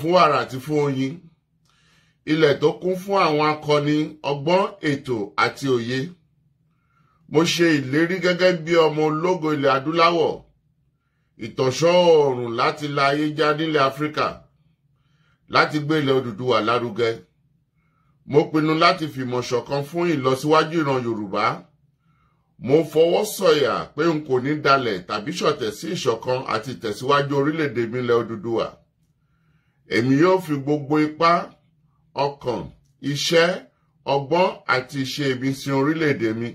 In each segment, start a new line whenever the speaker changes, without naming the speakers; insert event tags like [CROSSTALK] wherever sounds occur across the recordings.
fún wàrà àti fún oyin ilẹ̀ tó kún fún àwọn akọni ọgbọ́n ètò àti òye mo ṣe ìlérí gẹ́gẹ́ bí ọmọ ológo ilẹ̀ adúláwọ̀ ìtànṣọ́ oòrùn láti la ayé já nílẹ̀ áfíríkà láti gbé ilẹ̀ Odùduwà lárugẹ mo pinnu láti fìmọ̀ ṣọ̀kan fún ìlọsíwájú ìran Yorùbá mo fọwọ́ sọ̀yà pé n kò ní dalẹ̀ tàbí ṣọ̀tẹ̀ sí ìṣọ̀kan àti ìtẹ̀síwájú orílẹ̀-èdè mi ilẹ̀ Odùduwà èmi yóò fi gbogbo ipá ọkàn iṣẹ́ ọgbọ́n àti ìṣe ibi sin orílẹ̀-èdè mi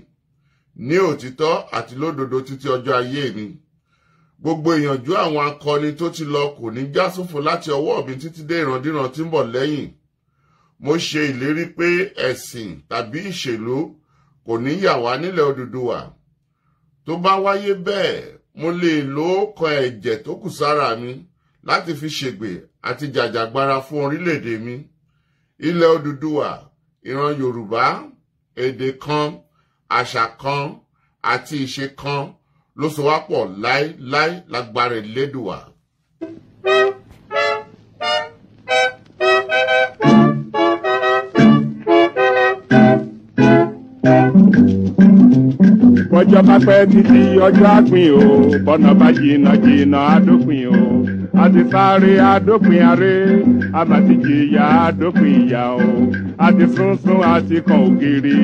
ní òtítọ́ àti lódodo títí ọjọ́ ayé mi gbogbo ìyànjú àwọn akọni tó ti lọ kò ní já sófo láti ọwọ́ mi títí dé ìrandíran tí ń bọ̀ lẹ́yìn mo ṣe ìlérí pé ẹ̀sìn tàbí ìṣèlú kò ní yà wá nílẹ̀ Odùduwà tó bá wáyé bẹ́ẹ̀ mo lè lo ọkàn ẹ̀jẹ̀ tó kù sára mi láti fi ṣègbè àti jàjàgbara fún orílẹ̀-èdè mi ilẹ̀ Odùduwà ìran Yorùbá èdè kan àṣà kan àti ìṣe kan ló so wá pọ̀ láéláé lágbára Elédùwà. thank you
bọ́jọ́ bá pẹ́ títí ọjọ́ àpín o bọ́nà bá jìnnà jìnnà àdópin o àti àdópin aré àmàtìjìyà àdópin ìyà o àti àti kan ògiri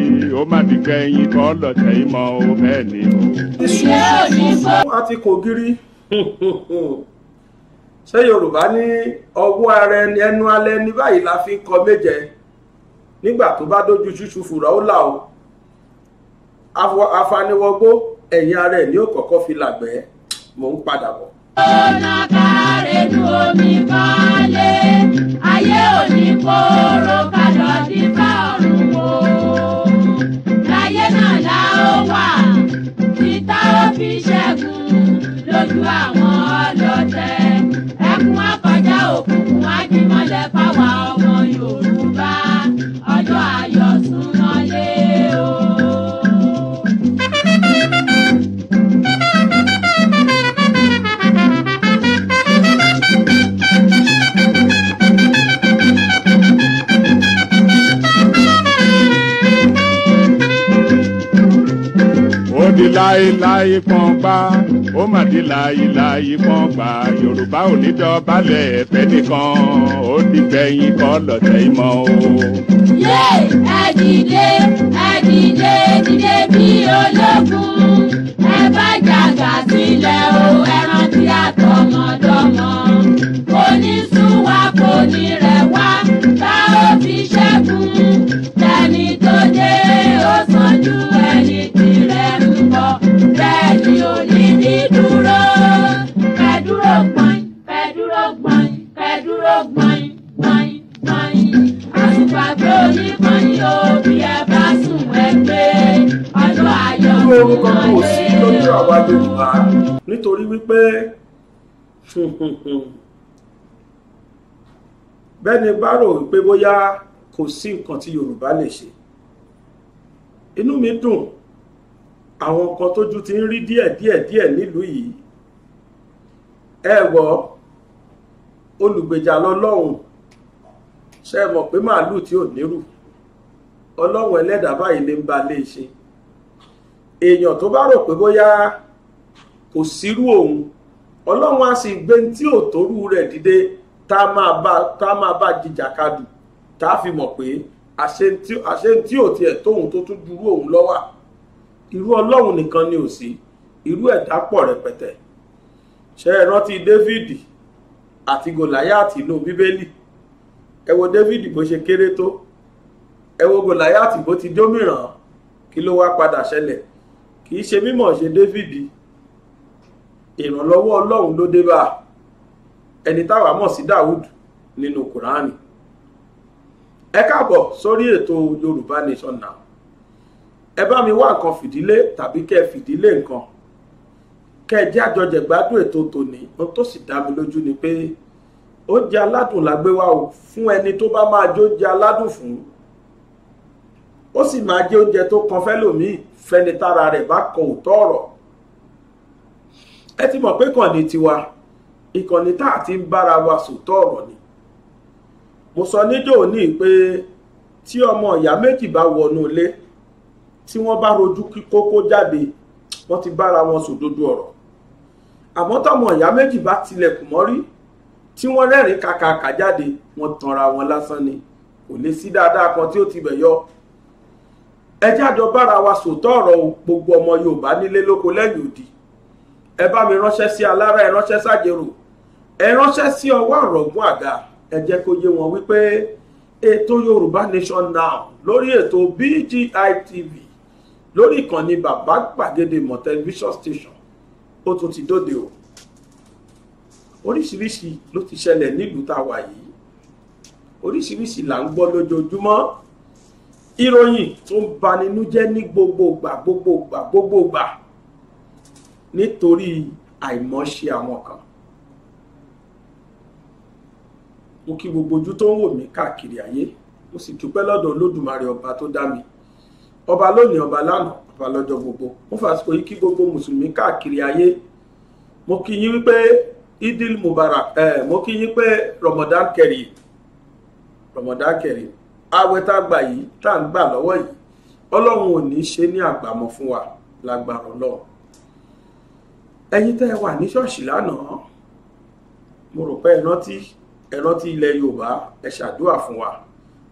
ó má di kẹyìn kan lọ́tẹ̀ ìmọ̀ o bẹ́ẹ̀
ni àti
kò gírí ṣé yorùbá ní ọwọ́ ara ẹnu alẹ́ ní báyìí la fi kọ méje nígbà tó bá dójú ṣíṣú fùrọ̀ ó là o afaniwọgbó ẹ̀yìn ara ẹ̀ ní ó kọ́kọ́ fi làgbẹ́ mò ń padà bọ̀.
ọ̀nà kárẹ̀ nu omi balẹ̀ ayé òní kóró ká lọ sí bá ọ̀run wò láyé náà la ó wà
títa ó fi ṣẹ́gun
lójú àwọn ọlọ́tẹ̀ ẹkún akọjá òkùnkùn ajímọ́lẹ̀ fáwọn ọmọ.
láéláé pọ́n gbá ó mà di láéláé pọ́n gbá yorùbá ò ẹ̀fẹ́ nìkan ó ti gbẹ̀yìn kọ́ lọ́tẹ̀ ìmọ̀ o.
yé ẹ dìde ẹ dìde dìde bí ológun ẹ bá jàgà sílẹ̀ o ẹ rántí àtọmọdọmọ kò ní sún kò ní rẹ̀ bá òbí ṣe. pé orúkọ tí ò sí lójú àwa Yorùbá
nítorí wípé [LAUGHS] bẹ́ni bá rò wípé bóyá kò sí nǹkan tí Yorùbá lè ṣe inú mi dùn àwọn kan tójú ti ń rí díẹ̀díẹ̀díẹ̀ nílùú yìí ẹ wò olùgbèjà lọ́lọ́run ṣe mọ̀ pé màálù tí ò nírù ọlọ́run ẹlẹ́dàá báyìí lè ń ba lè e ṣe èèyàn tó bá rò pé bóyá kò sírú òun ọlọ́run á sì gbé tí ò torú rẹ̀ dìde tá a máa bá jìjàkadù tá a fi mọ̀ pé àṣẹ tí ò tiẹ̀ tóun tó tún dúró òun lọ́wà irú ọlọ́run nìkan ni ò sí irú ẹ̀dá pọ̀ rẹpẹtẹ ṣe é rántí Dáfídì àti Gòláyàtì inú bíbélì ẹ wo Dáfídì bó ṣe kéré tó ẹ wo Gòláyàtì bó ti dómìràn kí ló wá padà ṣẹlẹ̀ kì í ṣe mímọ̀ ṣe Dáfídì ìrànlọ́wọ́ Ọlọ́run ló dé bá ẹni táwa mọ̀ sí Dáwùd nínú Kùránì ẹ káàbọ̀ sórí ètò Yorùbá Nation Now ẹ bá mi wá nǹkan fìdílé tàbí kẹ́ ẹ fìdílé nǹkan kẹ́ ẹ jẹ́ àjọjẹ gbádùn ètò tòní ohun tó sì dá mi lójú ni pé ó jẹ́ aládùn lágbéwá o fún ẹni tó bá máa jó jẹ́ aládùn fún un ó sì máa jẹ́ oúnjẹ tó kan fẹ́lòmíì fẹ́ni tára rẹ̀ bá kan òótọ́ ọ̀rọ̀ ẹ ti mọ̀ pé kànnì tiwa ìkànnì tá a ti ń bára wa sòótọ́ ọ̀rọ̀ ni mo sọ níjọ́ òní pé tí ọmọ ìyá méjì bá wọnú ilé tí wọ́n bá rojú kókó jáde wọ́n ti bára wọn sòdodo ọ̀rọ̀ àmọ́ tọmọ ìyá méjì bá tilẹ̀kùn mọ́rí tí wọ́n rẹ́rìn kàkàkà jáde wọ́n tanra wọn lásán ni kò lè sí dáadáa kan tí ó ti bẹ̀ yọ ẹ jájọ bára wa sòótọ́ ọ̀rọ̀ gbogbo ọmọ Yorùbá nílé lóko lẹ́yìn òdì ẹ bá mi ránṣẹ́ sí alára ẹ ránṣẹ́ sájèrò ẹ ránṣẹ́ sí ọwọ́ àrọ̀gún àga ẹ jẹ́ kó yé wọn wípé ètò Yorùbá Nation Now lórí ètò BGI TV lórí ìkànnì bàbá gbàgede mọ̀ tẹlifíṣàn station ó tún ti dóde o oríṣiríṣi ló ti ṣẹlẹ̀ nílùú tá a wà yìí oríṣiríṣi là ń gbọ́ lójoojúmọ́ ìròyìn tó ń baninújẹ́ ní gbogbogbà gbogbogbà gbogbogbà nítorí àìmọ̀ṣe àwọn kan mo kí gbogbo ojú tó ń wò mí káàkiri ayé mo sì dúpẹ́ lọ́dọ̀ olódùmarè ọba tó dá mi ọba lónìí ọba lánàá ọba lọ́jọ́ gbogbo mo fàsìkò yìí kí gbogbo mùsùlùmí káàkiri ayé mo kí yín wípé idil mubarak eh, mo kí yín pé ramadan kẹrì ramadan kẹrì àwẹ̀ tá a gbà yìí tá à ń gbà lọ́wọ́ yìí ọlọ́run ò ní í ṣe ní àgbàmọ̀ fún wa lágbára ọlọ́run ẹ̀yin tẹ́ ẹ wà ní ṣọ́ọ̀ṣì lánàá mo rò pé ẹ rántí ẹ rántí ilẹ̀ yorùbá ẹ ṣàdúrà fún wa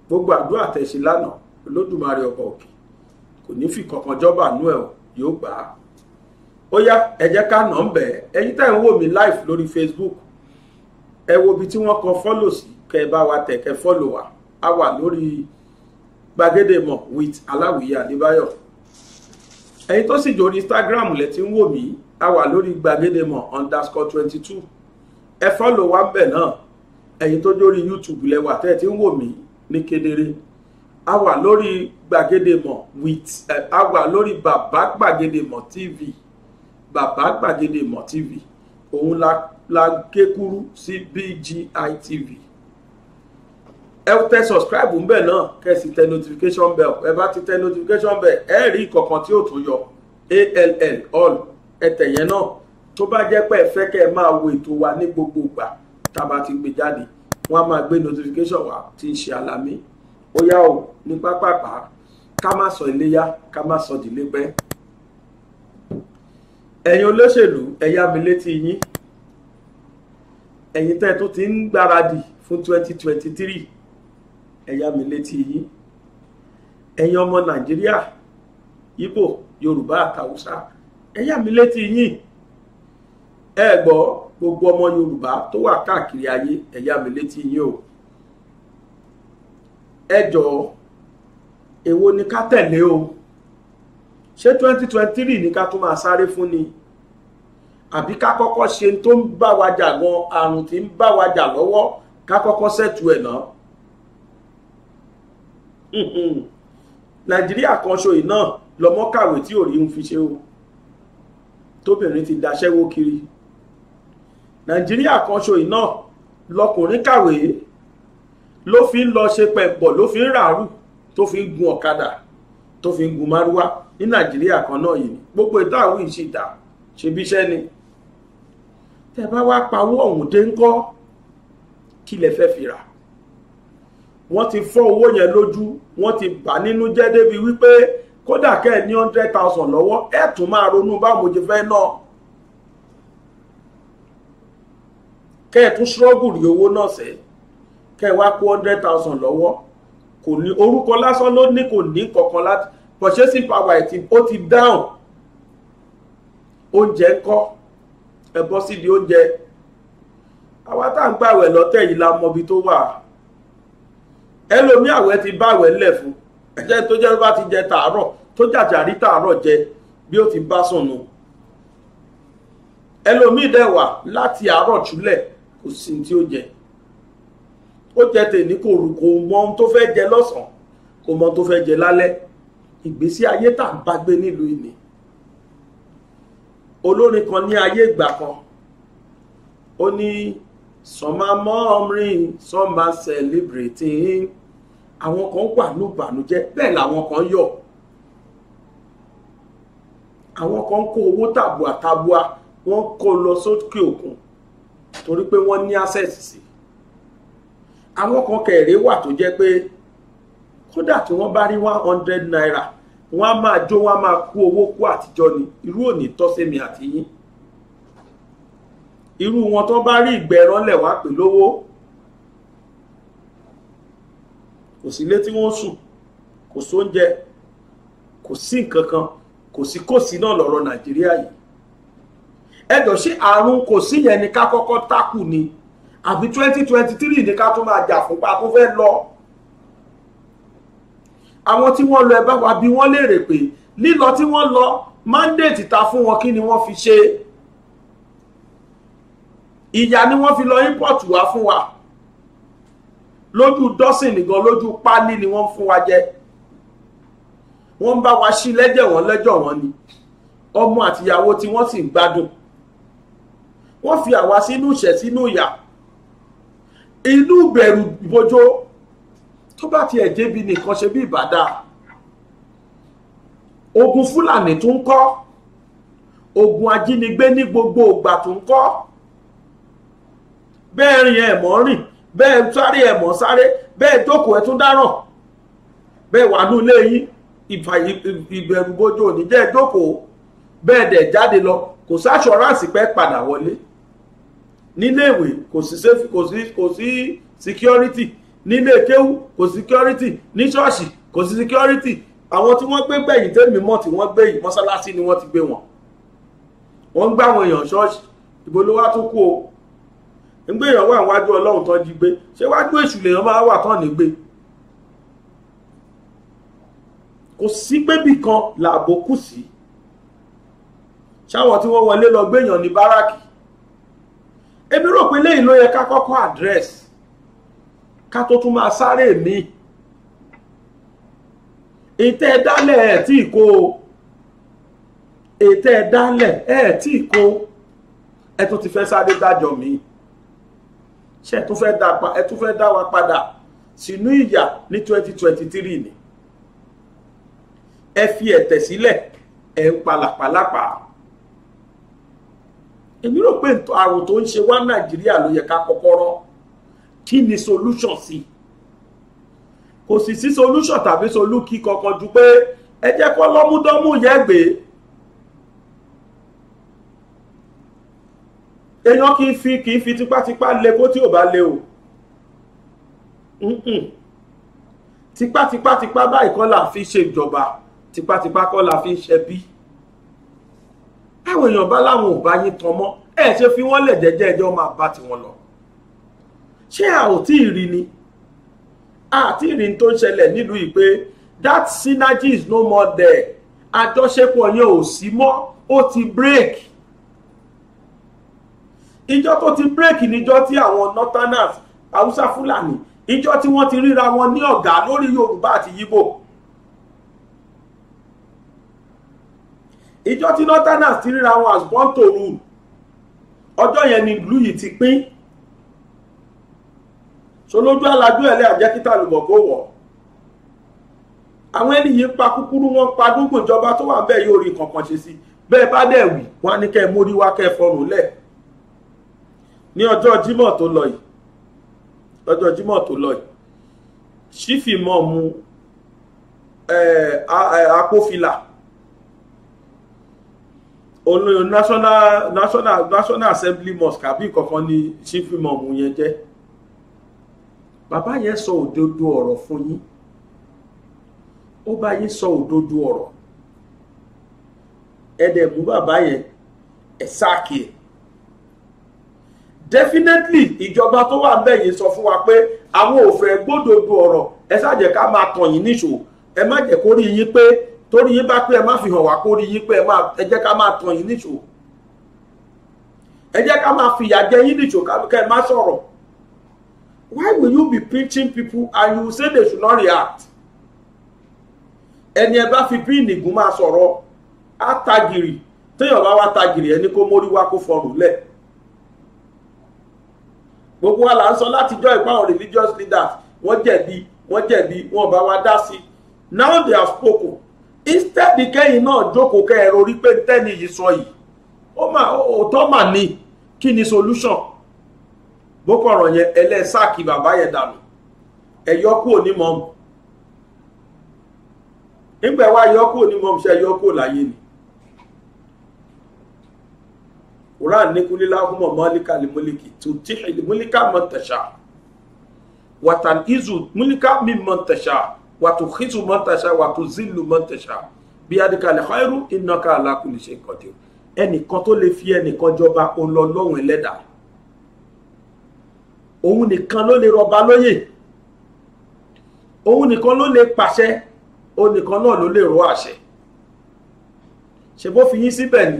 gbogbo àdúrà tẹ́ lánàá olódùmarè ọba òkè kò ní fi kankan jọba nú ẹ yóò gbà á ó yá ẹ ká nà ń bẹ̀ ẹ̀yin tẹ́ ẹ ń wò mí live lórí facebook ẹ wo ibi tí wọ́n kọ fọ́lò sí kẹ́ ẹ bá wa tẹ̀ kẹ́ fọ́lò wa a wà lórí gbàgede mọ̀ with aláwìyé adébáyọ̀ ẹ̀yin tó sì jòrí instagram lẹ ti ń wò mí a wà lórí gbàgede mọ̀ underscore twenty two ẹ fọ́lọ̀ wá bẹ̀ náà ẹ̀yin tó jórí youtube lẹ wà tẹ́ ẹ ti ń wò mí ní kedere a wà lórí gbàgede mọ̀ with a wà lórí bàbá gbàgede mọ̀ tv bàbá gbàgede mọ̀ tv òun la la gé kúrú sí BGI TV ẹ tẹ subscribe ń bẹ̀ náà kẹ́ sì tẹ notification bell ẹ bá ti tẹ notification bell ẹ rí ìkọ̀kan tí ó tún yọ all all ẹ tẹ̀ yẹn náà tó bá jẹ́ pé ẹ fẹ́ kẹ́ ẹ máa wo ètò wa ní gbogbo ìgbà tá a bá ti gbé jáde wọ́n á máa gbé notification wa tí ń ṣe àlàmì ó yá o ní pápápá ká má sọ iléyá ká má sọ ìdílé pẹ́ ẹ̀yin olóṣèlú ẹ yá mi létí yín ẹ̀yin tẹ́ ẹ tó ti ń gbáradì fún twenty twenty three ẹ̀yà mi létí yín ẹ̀yin ọmọ nàìjíríà ibo yorùbá àtàwùsá ẹ̀yà mi létí yín ẹ gbọ́ gbogbo ọmọ yorùbá tó wà káàkiri ayé ẹ̀yà mi létí yín o ẹ jọ̀ọ́ èwo ni ká tẹ̀lé o ṣé twenty twenty three ni ká tún máa sáré fún ni àbí ká kọ́kọ́ ṣe tó ń bá wa jà gan àrùn tí ń bá wa jà lọ́wọ́ ká kọ́kọ́ ṣètù ẹ̀ náà nàìjíríà kan ṣoyìn náà lọmọ kàwé tí ò rí ń fi ṣe o tóbìnrin ti daṣẹ́wó kiri nàìjíríà kan ṣoyìn náà lọkùnrin kàwé ló fi ń lọ ṣe pẹ̀pọ̀ ló fi ń ràárù tó fi ń gun ọ̀kadà tó fi ń gun márúwá ní nàìjíríà kan náà yìí gbogbo ètò àwọn ìṣìdá ṣebíṣẹ́ ni tẹ́ bá wá pawó ọ̀hún dé ńkọ́ kí lẹ fẹ́ fi rà wọ́n ti fọ́ owó yẹn lójú wọ́n ti bà nínú jẹ́ débi wípé kódà kẹ́ ní hundred thousand lọ́wọ́ ẹ̀ tún máa ronú báwo jẹ fẹ́ náà kẹ́ ẹ̀ tún ṣọ́ọ̀gù owó náà sẹ́ kẹ́ wá kó hundred thousand lọ́wọ́ kò ní orúkọ lásán ló ní kò ní kankan láti purchasing power ẹ̀ ó ti down oúnjẹ ń kọ́ ẹ̀ bọ́ sídìí oúnjẹ àwa tá à ń gbàwẹ̀ lọ́tẹ̀ yìí la mọbi tó wà ẹlòmíì àwẹ̀ ti bá àwẹ̀ lẹ̀ fún ẹjẹ́ tó jẹ́ bá ti jẹ tààrọ̀ tó jàjàrí tààrọ̀ jẹ bí ó ti bá sùn nù ẹlòmíì dẹ̀ wà láti àárọ̀ jùlẹ̀ kò sí tí ó jẹ ó jẹ tèmi kò rù kò mọ ohun tó fẹ́ jẹ lọ́sàn-án kò mọ ohun tó fẹ́ jẹ lálẹ́ ìgbésí ayé tá à ń bá gbé nílùú ìní olórin kan ní ayé ìgbà kan ó ní some are murmuring some are celebrating àwọn kan wà ní ìbànújẹ́ bẹ́ẹ̀ làwọn kan yọ̀ àwọn kan kó owó tàbùà tàbùà wọ́n kó lọ sókè òkun torí pé wọ́n ní access sí àwọn kan kẹrẹ wà tó jẹ́ pé kódà tí wọ́n bá rí one hundred naira wọ́n á máa jó wọ́n á máa kú owó kú àtijọ́ ni irú òní tọ́sẹ̀mí àti yín irú wọn tó bá rí ìgbẹ́ ẹran lẹ̀ wá pè lówó kò sí ilé tí wọ́n sùn kò sóúnjẹ kò sí nǹkan kan kò sí kò sí náà lọ́rọ̀ nàìjíríà yìí ẹjọ́ sí àrùn kò sí yẹn ni ká kọ́kọ́ tákù ni àbí twenty twenty three ni ká tún máa jà fún pa tó fẹ́ lọ àwọn tí wọ́n lọ ẹ bá wa bí wọ́n léèrè pé lílọ tí wọ́n lọ mandate ta fún wọn kí ni wọ́n fi ṣe ìyà ni wọ́n fi lọ import wá fún wa. Fún lójú dọ́sìn nìkan lójú páálí ni wọ́n ń fún wa jẹ wọ́n ń bá wa ṣí lẹ́jẹ̀ wọ́n lẹ́jọ́ wọn ni ọmọ àtìyàwó tí wọ́n sì ń gbádùn wọ́n fi àwa sínú ìṣẹ́ sínú ìyà inú bẹ̀rù bójó tó bá tiẹ̀ débi nìkan ṣe bí ìbàdà ogun fúlàní tún kọ́ ogun ajínigbé ní gbogbo ìgbà tún kọ́ bẹ́ẹ̀ rìn ẹ̀ mọ́ rìn bẹ́ẹ̀ ń sáré ẹ̀mọ́ sáré bẹ́ẹ̀ jókòó ẹ̀ tún dáràn bẹ́ẹ̀ wà ní ilé yín ìbẹ̀rù bojo òní jẹ́ jókòó bẹ́ẹ̀ dẹ̀ jáde lọ kò sáṣọ́ránsì pẹ́ padà wọlé níléèwé kò sí safe kò sí kò sí security nílé kéwú kò sí security ní ṣọ́ọ̀ṣì kò sí security àwọn tí wọ́n gbé gbẹ̀yìn tẹ́mi mọ́ tí wọ́n gbé yìí mọ́sálásí ni wọ́n ti gbé wọn wọ́n ń gbá àwọn èèyàn ṣọ́ọ̀ṣì ìbò ló wá tún kú o nígbà èèyàn wà níwájú ọlọ́run tó jí gbé ṣé wájú èṣù lèèyàn máa wà tán nígbè kò sí pébì kan làbò kù sí ṣáwọn tí wọ́n wọlé lọ gbéyàn ní báràkì èmi rò pé lẹ́yìn ló yẹ ká kọ́kọ́ àdírẹ́sì ká tó tún máa sáré mi ètè ẹ̀dálẹ̀ ẹ̀ tí ì kó ẹ̀dálẹ̀ ẹ̀ tí ì ẹ̀ tó ti fẹ́ sáré dájọ́ mi ṣe ẹ tún fẹ́ dá ẹ tún fẹ́ dá wa padà sínú ìyà ní twenty twenty three ni ẹ fi ẹ̀tẹ̀ sílẹ̀ ẹ ń palàpàlàpà èmi rò pé àrùn tó ń ṣe wá nàìjíríà ló yẹ ká kọ́kọ́ rọ́ kí ni solution sí kò sì sí solution tàbí solú kí kankan ju pé ẹ jẹ́ kó lọ́múdọ́mú yẹn gbé èèyàn kì í fi kì í fi tipátipá le kó tí ò bá le o tipátipá tipá báyìí kọ́ la fi ṣèjọba tipátipá kọ́ la fi ṣẹbí àwọn èèyàn bá láwọn ò bá yín tan mọ́ ẹ ṣe fi wọ́n lẹ̀ jẹ́jẹ́ ẹjọ́ máa bá tiwọn lọ ṣé a ò tí ì rí ni a ti rí tó ń ṣẹlẹ̀ nílùú yìí pé that synergy is no more there àjọṣepọ̀ yẹn ò sí mọ́ ó ti break ìjọ tó ti bírèkì níjọ tí àwọn northerners haúsá fúlàní ìjọ tí wọ́n ti ríra wọn ní ọ̀gá lórí yorùbá àti yíbò ìjọ tí northerners ti ríra wọn as born to rule ọjọ́ yẹn ni ìlú yìí ti pín solójú alájú ẹ̀lẹ́ àjẹkítà lùbọ̀ kó wọ̀ àwọn ẹni yìí pa kúkúrú wọn pa gbogbo ìjọba tó wà bẹ́ẹ̀ yóò rí kankan ṣe sí bẹ́ẹ̀ bá dẹ̀ wí wọn á ní kẹ́ ẹ mórí wá kẹ́ ẹ fọrùn lẹ́ẹ̀ ní ọjọ́ Jímọ̀ tó lọ yìí ọjọ́ Jímọ̀ tó lọ yìí ṣífì mọ̀ mu akófìlà olóyún national national national assembly mosque àbí kankan ni ṣífì mọ̀ mu yẹn jẹ́ bàbá yẹn sọ òdodo ọ̀rọ̀ fún yín ó bá yín sọ òdodo ọ̀rọ̀ ẹ dẹ̀ mú bàbá yẹn ẹ sáàkì ẹ̀ definitely ìjọba tó wà ńbẹ̀ yìí sọ fún wa pé àwọn ò fẹ́ gbódòdó ọ̀rọ̀ ẹ ṣàjẹ́ ká máa tàn yín níṣò ẹ má jẹ́ kó rí yín pé torí yín bá pé ẹ má fi hàn wá kó rí yín pé ẹ jẹ́ ká máa tàn yín níṣò ẹ jẹ́ ká máa fìyà jẹ yín níṣò ká ẹ má sọ̀rọ̀ why will you be preaching people and you say they should not react ẹni ẹ bá fi bí ìnìgún máa sọ̀rọ̀ á tagìrì téèyàn bá wá tagìrì ẹni kó mórí wá kó fọrùn lẹ̀ gbogbo wa là ń sọ látijọ́ ìpá àwọn religious leaders wọ́n jẹ̀bi wọ́n jẹ̀bi wọ́n bá wa dá sí now they have spoken instead kẹ́yìn náà jókòó kẹ́ ẹ̀rọ orí pé tẹ́ni yìí sọ yìí ó mà òótọ́ mà ní kí ni solution boko ọ̀rọ̀ yẹn ẹlẹ́sàkì bàbá yẹn dànù ẹ̀yọ́ kú òní mọ́mù nígbà wá yọ kú òní mọ́mù ṣe ẹ̀yọ́ kú òláyé ni quran ní kúlílá ọmọ mọ́líkà lè mọ́líkì tó tí ìlú mọ́líkà mọ́ tẹ̀ṣà wàtà ìzù mọ́líkà mi mọ́ tẹ̀ṣà wàtò xìtù mọ́ tẹ̀ṣà wàtò zìlù mọ́ tẹ̀ṣà bí adìkalẹ̀ khairu innaka ala kulli shay'in qadir ẹnìkan tó lè fi ẹnìkan jọba ọlọ́lọ́run ẹlẹ́dàá òun nìkan ló lè rọba lóyè òun nìkan ló lè pàṣẹ òun nìkan náà ló lè rọ àṣẹ ṣe bó fi yín síbẹ̀ ni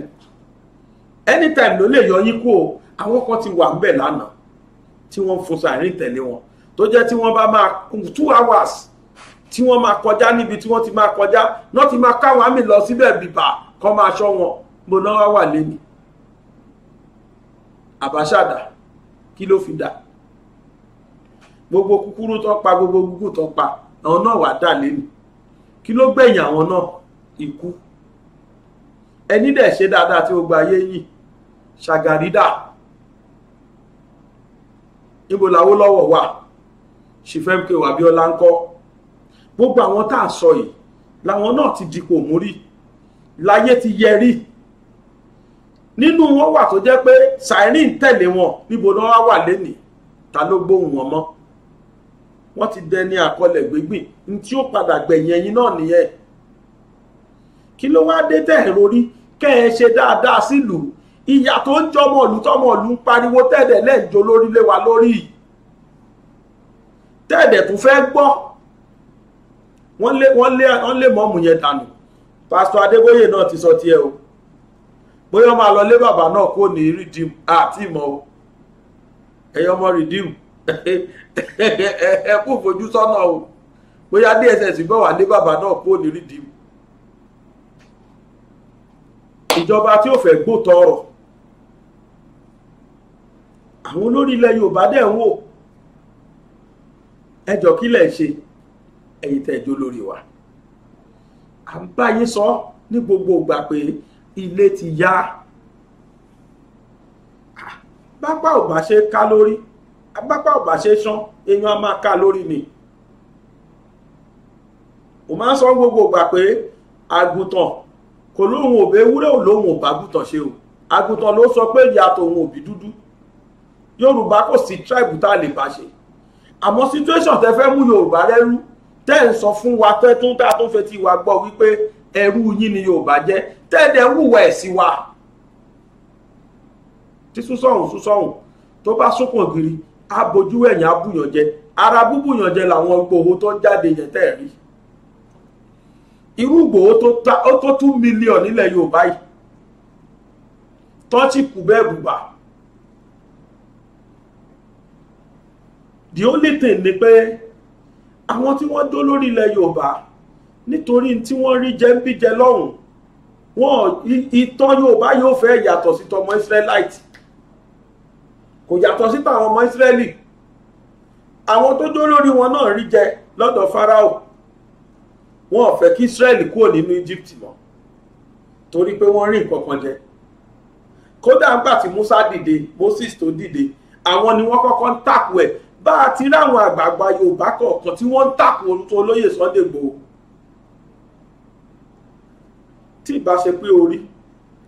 anytime ló lè yọ yín kú o àwọn kan ti wà ń bẹ̀ lánàá tí wọ́n fún sàárín tẹ̀lé wọn tó jẹ́ tí wọ́n bá máa two hours tí wọ́n máa kọjá níbi tí wọ́n ti máa kọjá náà ti máa káwọn àmì lọ síbẹ̀ bìbà kọ́ máa ṣọ́ wọn mo náà wà lẹ́nu àbáṣàdà kí ló fi dà gbogbo kúkúrú tó pa gbogbo gúgù tó pa àwọn náà wà dà lẹ́nu kí ló gbẹ̀yìn àwọn náà ikú ẹni dẹ̀ ṣe dáadáa tí gbogbo ayé yìí ṣàgàrídà níbo làwọn lọ́wọ́ wà ṣìfẹ́mke wàbíọ́lá ń kọ́ gbogbo àwọn tá a sọ yìí làwọn náà ti dipò mórí láyé ti yẹrí nínú wọn wà tó jẹ́ pé sàìrìn tẹ̀lé wọn níbo ni wọ́n wà lẹ́nìí ta ló gbóhùn wọn mọ́ wọ́n ti dẹni àkọlẹ̀ gbígbìn ní tí ó padà gbẹ̀yìn ẹ̀yin náà nìyẹn kí ló wáá dé tẹ̀ ẹ̀ rorí kẹ́ ẹ ṣe dáadáa sílùú ìyà tó ń jọmọ ìlú tọmọ ìlú ń pariwo tẹ́ẹ̀dẹ̀ lẹ́ǹjọ́ lórí lé wa lórí tẹ́ẹ̀dẹ̀ tó fẹ́ gbọ́ wọ́n lé wọ́n lé wọ́n lé mọ́mù yẹn dànù pásítọ̀ Adébóyè náà ti sọ tiẹ̀ o bóyá ọmọ àlọ́lé bàbá náà kò ní rìdíìmù àti ìmọ̀ o ẹ̀yọ́ ọmọ rìdíìmù ẹ kú fojú sọ́nà o bóyá DSS bọ̀ wá lé bàbá náà kò ní rìdíìmù ìjọba tí ò fẹ́ gbótọ̀ ọ̀rọ̀ àwọn olórí ilẹ̀ yorùbá dẹ̀ ń wò ẹjọ́ kí lẹ̀ ń ṣe ẹ̀yin tẹ̀ jó lórí wa à ń bá yín sọ ní gbogbo ìgbà pé ilé ti yá bápá ò bá ṣe ká lórí bápá ò bá ṣe ṣán èèyàn á máa ká lórí ni ò máa ń sọ gbogbo ìgbà pé àgùntàn kò lóhun òbí ewúrẹ́ ò lóhun òbá gùntàn ṣe o àgùntàn ló sọ pé ìyá tòun òbí dúdú yorùbá kò sí tribe tá a lè bá ṣe situation tẹ fẹ́ mú yorùbá rẹ́rú tẹ́ ń sọ fún wa tẹ́ tún tá a tún fẹ́ ti wà gbọ́ wípé ẹrú yín ni yorùbá jẹ́ tẹ́ẹ̀dẹ̀ wùwà ẹ̀ sí wa tí súnsọ̀hún súnsọ̀hún tó bá sókùn ògiri á bojú ẹ̀yìn á bùyàn jẹ ara búbùyàn jẹ làwọn gbòho tó ń jáde yẹn tẹ́ ẹ̀ rí irú gbòho tó tó two million nílẹ̀ yorùbá yìí tọ́ọ̀tì kù bẹ́ẹ̀ bùbà the only thing ni pé àwọn tí wọ́n dó lórí ilẹ̀ yorùbá nítorí tí wọ́n rí jẹ́ńbíjẹ lọ́hùn wọn ìtàn yorùbá yóò fẹ́ yàtọ̀ sí tọmọ israelite kò yàtọ̀ sí tàwọn ọmọ israeli àwọn tó dó lórí wọn náà rí jẹ lọ́dọ̀ farao wọn ò fẹ́ kí israeli kúrò nínú egypt mọ́ torí pé wọ́n rí nǹkan kan jẹ kódà ńgbà tí musa dìde moses tó dìde àwọn ni wọ́n kọ́kọ́ ń tàkù ẹ̀ bá a ti ráwọn àgbààgbà Yorùbá kọ̀ọ̀kan tí wọ́n ń tàkùn orúkọ olóyè Sunday Igboho tí ìbá ṣe pé orí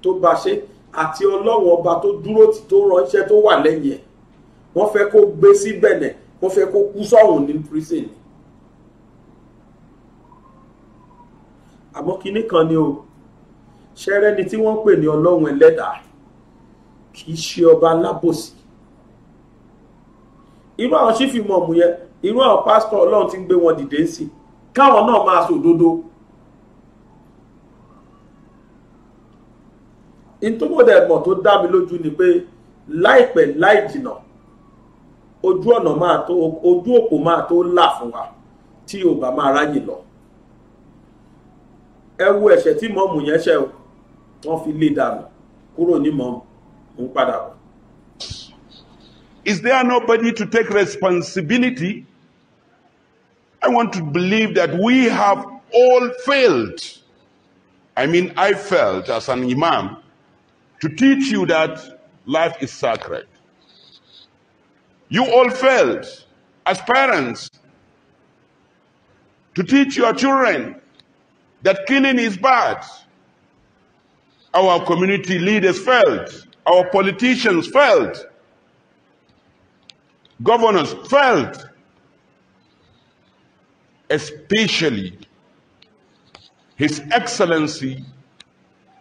tó bá ṣe àti ọlọ́run ọba tó dúró tì tó ránṣẹ́ tó wà lẹ́yìn ẹ̀ wọ́n fẹ́ kó gbé sí bẹ̀nẹ̀ wọ́n fẹ́ kó kú sọ̀hún ní prison. àmọ́ kinní kan ni o ṣẹ́rẹ́ni tí wọ́n pè ní ọlọ́run ẹlẹ́dàá kì í ṣe ọba alábòsí irú àwọn ṣífì mọ̀mù yẹn irú àwọn pásítọ̀ ọlọ́run ti ń gbé wọn dìde sí káwọn náà máa sọ òdodo. ìtúbọ̀dẹ̀ ẹ̀gbọ̀n tó dá mi lójú ni pé láìpẹ́ láì jìnà ojú ọ̀nà máa tó ojú òpó máa tó là fún wa tí ò bá máa ráyè lọ. ẹ wo ẹ̀ṣẹ̀ tí mọ̀mù yẹn ṣẹ̀ wọ́n fi lé dànù kúrò ní mọ̀mù ń padà bọ̀.
Is there nobody to take responsibility? I want to believe that we have all failed. I mean, I failed as an imam to teach you that life is sacred. You all failed as parents to teach your children that killing is bad. Our community leaders failed. Our politicians failed governors felt, especially His Excellency,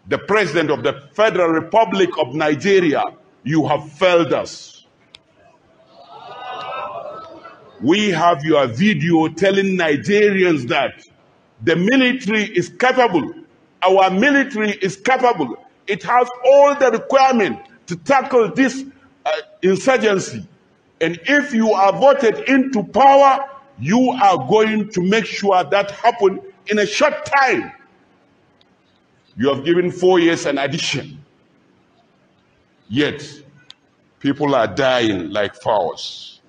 the President of the Federal Republic of Nigeria. You have failed us. We have your video telling Nigerians that the military is capable. Our military is capable. It has all the requirement to tackle this uh, insurgency. And if you are voted into power, you are going to make sure that happen in a short time. You have given four years an addition. Yet, people are dying like fowls.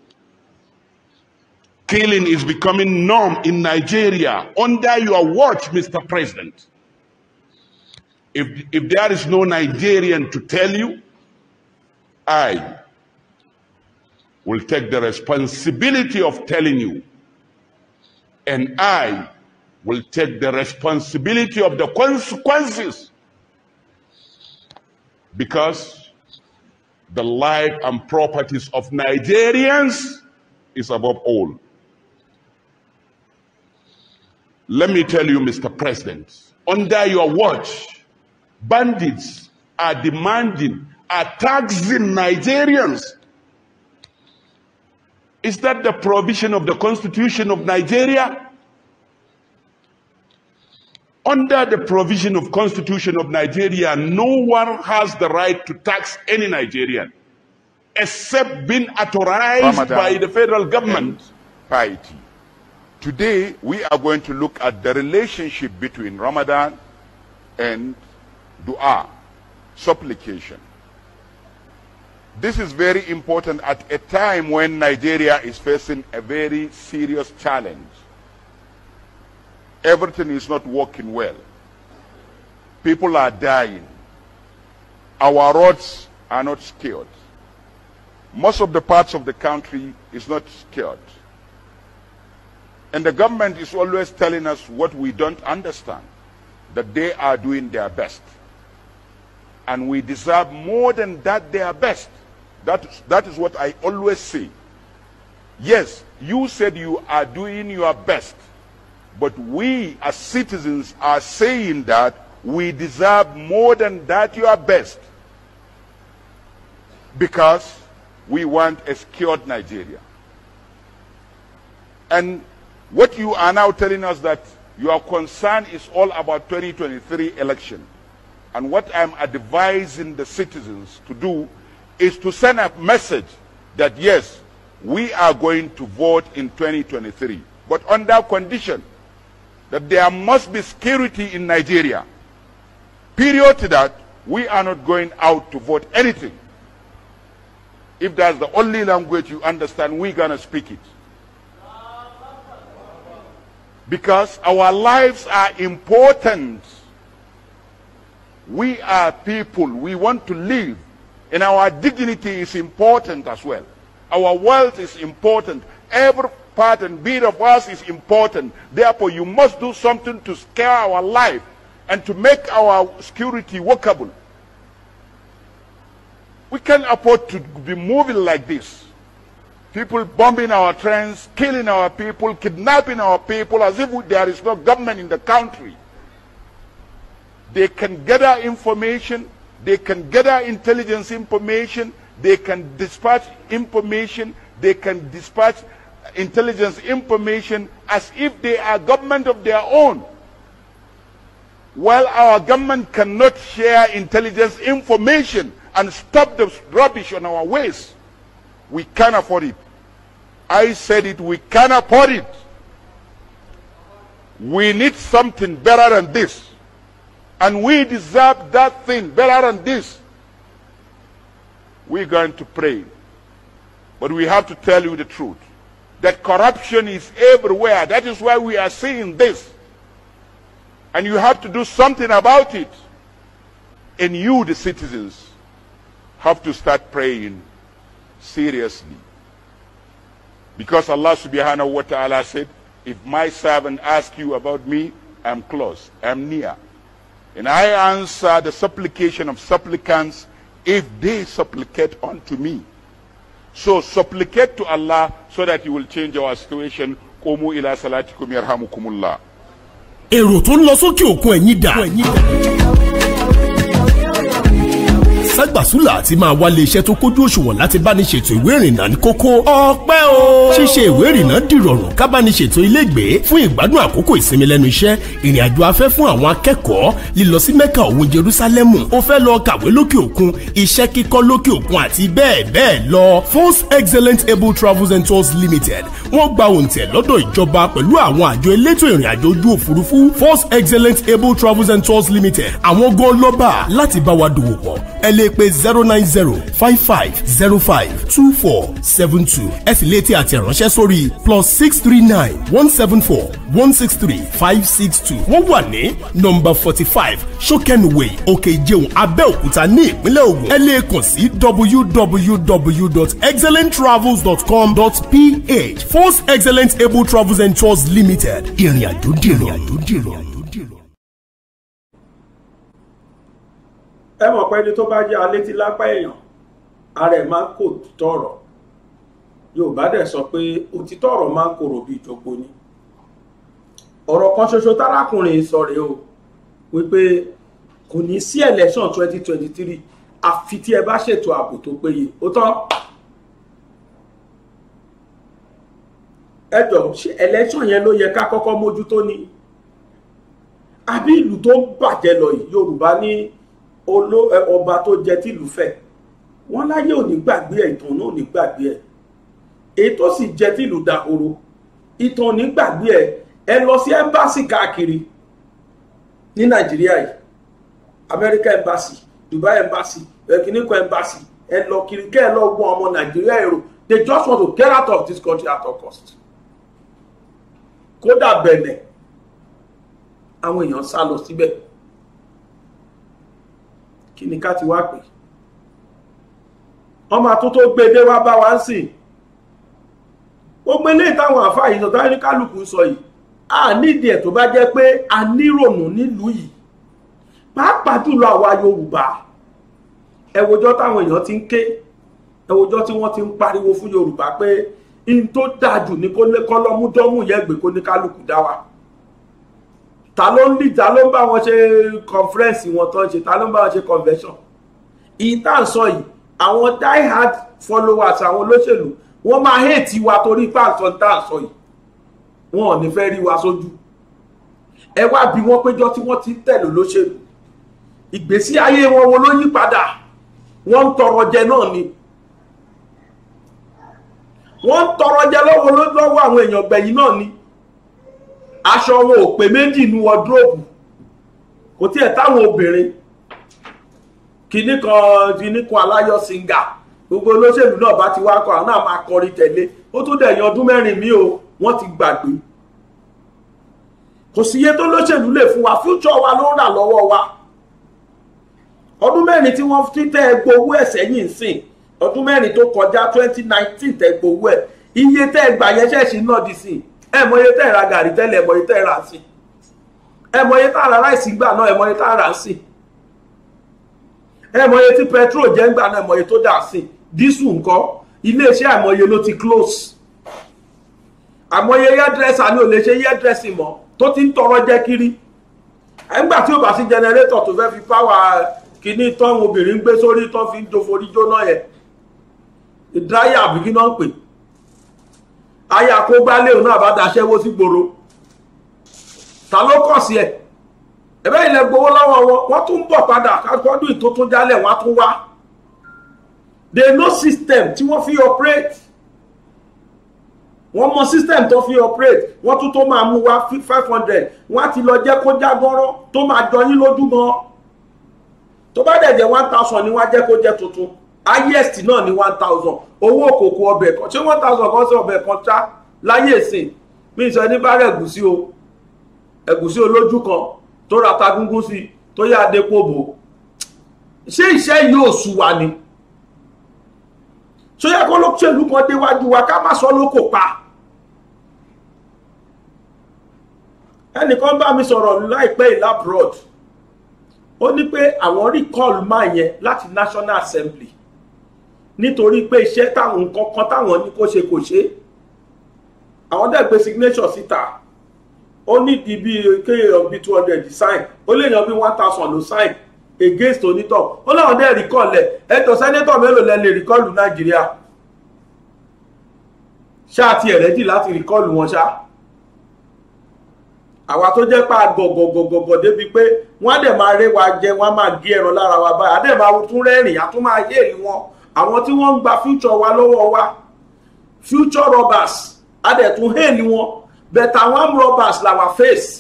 Killing is becoming norm in Nigeria under your watch, Mr. President. If, if there is no Nigerian to tell you, I, will take the responsibility of telling you. And I will take the responsibility of the consequences. Because the life and properties of Nigerians is above all. Let me tell you, Mr. President, under your watch, bandits are demanding, are taxing Nigerians is that the prohibition of the Constitution of Nigeria? Under the provision of Constitution of Nigeria, no one has the right to tax any Nigerian except being authorized Ramadan by the federal government. Piety. Today, we are going to look at the relationship between Ramadan and dua, supplication. This is very important at a time when Nigeria is facing a very serious challenge. Everything is not working well. People are dying. Our roads are not secured. Most of the parts of the country is not secured. And the government is always telling us what we don't understand, that they are doing their best. And we deserve more than that their best. That, that is what I always say. Yes, you said you are doing your best, but we as citizens are saying that we deserve more than that your best because we want a secured Nigeria. And what you are now telling us that your concern is all about 2023 election. And what I'm advising the citizens to do is to send a message that yes, we are going to vote in 2023, but under condition that there must be security in Nigeria. Period to that, we are not going out to vote anything. If that's the only language you understand, we're going to speak it. Because our lives are important. We are people. We want to live. And our dignity is important as well. Our wealth is important. Every part and bit of us is important. Therefore, you must do something to scare our life and to make our security workable. We can't afford to be moving like this. People bombing our trains, killing our people, kidnapping our people as if there is no government in the country. They can gather information they can gather intelligence information, they can dispatch information, they can dispatch intelligence information as if they are government of their own. While our government cannot share intelligence information and stop the rubbish on our ways, we can't afford it. I said it, we can't afford it. We need something better than this and we deserve that thing better than this, we're going to pray. But we have to tell you the truth that corruption is everywhere. That is why we are seeing this. And you have to do something about it. And you, the citizens, have to start praying seriously. Because Allah subhanahu wa ta'ala said, if my servant asks you about me, I'm close, I'm near. And I answer the supplication of supplicants if they supplicate unto me. So supplicate to Allah so that He will change our situation. Qumu ila salatikum yarhamukumullah.
èrò tó ń lọ sókè òkun ẹ̀yìn dà. ságbàsúlà àti máa wálé iṣẹ́ tó kójú òṣùwọ̀n láti báni ṣètò ìwé ìrìnnà ní kókó. ọpẹ́ o. ṣíṣe ìwé ìrìnnà dìrọ̀rùn ká báni ṣètò ilégbèé fún ìgbádùn àkókò ìsinmi lẹ́nu iṣẹ́ ìrìn àjò afẹ́ fún àwọn akẹ́kọ̀ọ́ lílọ sí mẹ́kà òun jerúsálẹ́mù ó fẹ́ lọ kàwé lókè òkun iṣẹ́ kíkọ́ lókè òkun àti bẹ́ẹ̀ bẹ́ẹ̀ lọ. Force Excellent Able Travels and Tours Limited wọ́n gba òǹtẹ̀ lọ́dọ̀ ìjọba pẹ̀lú àwọn àjọ elétò ìrìn àjò ojú òfurufú Force Excellent Able Travels and Tours Limited àwọn gan lọ́ba láti bá wa dòwò pọ̀ ẹ lè pé zero nine zero five five zero five two four seven two ẹ sì létí àti ìránṣẹ́ sórí plus six three nine one seven four one six three five six two wọ́n wà ní nọ́mbà forty five sokenway òkèjeun abẹ́òkúta ní ìpínlẹ̀ Ògùn ẹ lè kàn sí www.excellenttravels.com.ph force excellent able travels and tours limited ìrìn àjò dìrọ̀.
ẹ mọ̀ pé ẹni tó bá jẹ́ alétí lápá èèyàn ara ẹ̀ máa ń kò tọ̀rọ̀ yorùbá dẹ̀ sọ pé òtítọ́ ọ̀rọ̀ máa ń korò bí ìjọgbó ni ọ̀rọ̀ kan ṣoṣo tárákùnrin sọ rèé o wípé kò ní sí election twenty twenty three àfi tí ẹ bá ṣètò ààbò tó péye ó tán ẹ jọ ṣé election yẹn ló yẹ ká kọ́kọ́ mójútó ni àbí ìlú tó ń bàjẹ́ lọ yìí yorùbá ní ọba tó jẹ tìlú fẹ́ wọ́n láyé ò ní gbàgbé ẹ̀ ìtàn náà ò ní gbàgbé ẹ̀ èyí tó sì jẹ tìlú dahoro ìtàn ò ní gbàgbé ẹ̀ ẹ lọ sí ẹ́mbáàsì káàkiri ní nàìjíríà yìí amẹ́ríkà ẹ́mbáàsì dubai ẹ́mbáàsì ẹ̀kíníkọ̀ ẹ́mbáàsì ẹ lọ kiri kẹ́ ẹ lọ wọ ọmọ nàìjíríà èrò they just want to get out of this country at all cost kódà bẹ̀nẹ̀ àwọn èèyàn sá lọ síbẹ̀. Si kí ni ká ti wá pè ọmọ àtúntò gbé dé wá bá wa ń sìn gbogbo eléyìí táwọn àfa yìí sọ̀tàn ní kálukú sọ yìí a nídìí ẹ̀ tó bá jẹ́ pé a nírònú nílùú yìí pàápàá jùlọ àwa Yorùbá ẹwòjọ́ táwọn èèyàn ti ń ké ẹwòjọ́ tí wọ́n ti ń pariwo fún Yorùbá pé in tó dáa jù ní kọ́lọ́mú dọ́mú yẹ́gbẹ́ kó ní kálukú dá wa ta ló ń lead ta ló ń bá wọn ṣe conference wọn tó ń ṣe ta ló ń bá wọn ṣe convention ìyí tá à ń sọ yìí àwọn die hard followers àwọn olóṣèlú wọ́n máa hate wa torí pàṣọ tá à ń sọ yìí wọn ò ní fẹ́ rí wa sójú ẹ wá bí wọ́n péjọ tí wọ́n ti ń tẹ̀lé olóṣèlú ìgbésí ayé wọn wo ló yí padà wọ́n ń tọrọ jẹ náà ni wọ́n ń tọrọ jẹ lọ́wọ́ lọ́wọ́ àwọn èèyàn gbẹ̀yìn náà ni aṣọ wọn ò pé méjì nu wọdúróòpù kò tiẹ̀ táwọn obìnrin kìíní kan kìíní kan aláyọ̀ singa gbogbo olóṣèlú náà bá ti wá kọ àwọn náà máa kọrin tẹ̀lé ó tún dẹ̀yìn ọdún mẹ́rin mi o wọ́n ti gbàgbé kò sí iye tó lóṣèlú lè fún wa future wa ló rà lọ́wọ́ wa ọdún mẹ́rin tí wọ́n ti tẹ́ ẹgbẹ́ owó ẹ̀ sẹ́yìn sìn ọdún mẹ́rin tó kọjá twenty nineteen tẹ́ ẹgbẹ́ owó ẹ̀ iye tẹ́ ẹgbà yẹn ṣẹ̀ṣì náà di sìn ẹmọye mọye tẹ́ ẹ ra gàrí ra sí tá a ra gbà náà tá a ra sí ẹmọye tí petrol jẹ́ ń gbà náà ẹ tó dà sí dísù ńkọ́ ti close àmọye hairdresser ni ò lè ṣe hairdressing tó ti ń tọrọ jẹ kiri ẹgbà tí bá sí tó fẹ́ fi páwà kíní tán obìnrin gbé sórí tán fi ń doforí jóná aya kó gbálé òun náà bá daṣẹ́wó sí gbòòrò ta ló kọ̀ sí ẹ̀ ẹ̀bẹ́ ilẹ̀ gbowó lọ́wọ́ wọn wọ́n tún bọ̀ padà kọ́dún ìtótún jálẹ̀ wọ́n á tún wá they know system tí wọ́n fi operate wọ́n mọ system tó fi operate wọ́n tún tó máa mú wá five hundred wọ́n á ti lọ jẹ́ kó já gbọ́rọ́ tó máa jọ yín lójúmọ́ tó bá dẹ̀ jẹ́ one thousand ni wọ́n á jẹ́ kó jẹ́ tuntun highest náà ní one thousand owó kòkó ọbẹ̀ kan ṣé one thousand kan sí ọbẹ̀ kan ṣá láyé ìsìn bí ìṣe ní bára ẹ̀gúsí o ẹ̀gúsí olójú kan tó ra ta gúngún sí tó yá adépo bò ṣé iṣẹ́ yóò sú wa ni ṣó yẹ kó ló ṣèlú kan déwájú wa ká má sọ lóko pa ẹnìkan bá mi sọ̀rọ̀ láìpẹ́ ìlà ó ní pé àwọn recall máa yẹn láti National Assembly nítorí pé iṣẹ́ táwọn kankan táwọn ní kó ṣe kò ṣe àwọn dẹ̀ gbé signature síta ó nídìí bí kéèyàn bí two hundred sign ó lè yan bí one thousand ló sign against onítọ̀ ó láwọn dẹ̀ rìkọ́ọ̀lẹ̀ ẹ̀tọ́ sẹ́nẹ́tọ̀ mélòó lẹ lè rìkọ́ọ̀lù nàìjíríà ṣáà ti ẹ̀rẹ́dì láti rìkọ́ọ̀lù wọn ṣáà àwa tó jẹ́ pa gọ̀gọ̀gọ̀gọ̀ débi pé wọ́n á dẹ̀ máa ré wa jẹ wọ́n á máa gé ẹran lára wa báyìí á dẹ̀ máa tún rẹ́rìn á tún máa yéèrí wọn àwọn tí wọ́n ń gba future wa lọ́wọ́ wa future robbers adẹ̀tún hail wọn bẹ̀tà àwọn armed robbers làwà face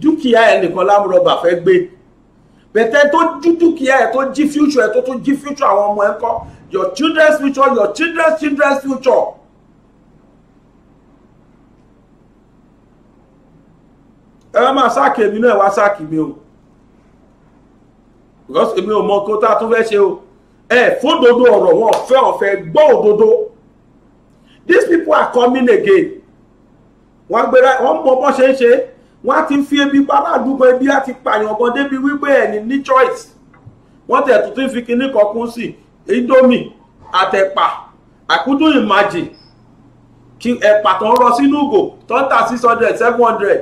dúkìá ẹ̀ nìkan láàmú rọ́bà fẹ́ gbé bẹ̀tẹ̀ tó jú dúkìá ẹ̀ tó jí future ẹ̀ tó tún jí future àwọn ọmọ ẹ̀ kọ́ your children's future your children's children's future. ẹ máa sáàkì èmi náà wá sáàkì mi o because èmi ò mọ kó tá a tún fẹ́ ṣe o ẹ fódodo ọ̀rọ̀ wọn ọ̀fẹ́ ọ̀fẹ́ gbọ́ òdodo these people are coming again wọ́n gbéra wọ́n mọ bọ́ ṣe ń ṣe wọ́n á ti fi ebi bára àdúgbò ebi á ti pààyàn ọ̀bọ̀n débi wípé ẹni ní choice wọ́n tẹ̀ tuntun fi kinní kan kún sí indomie àtẹ̀pà àkútú ìmàjì kí ẹ̀pà tó ń rọ sínú ìgò tó ń tà six hundred seven hundred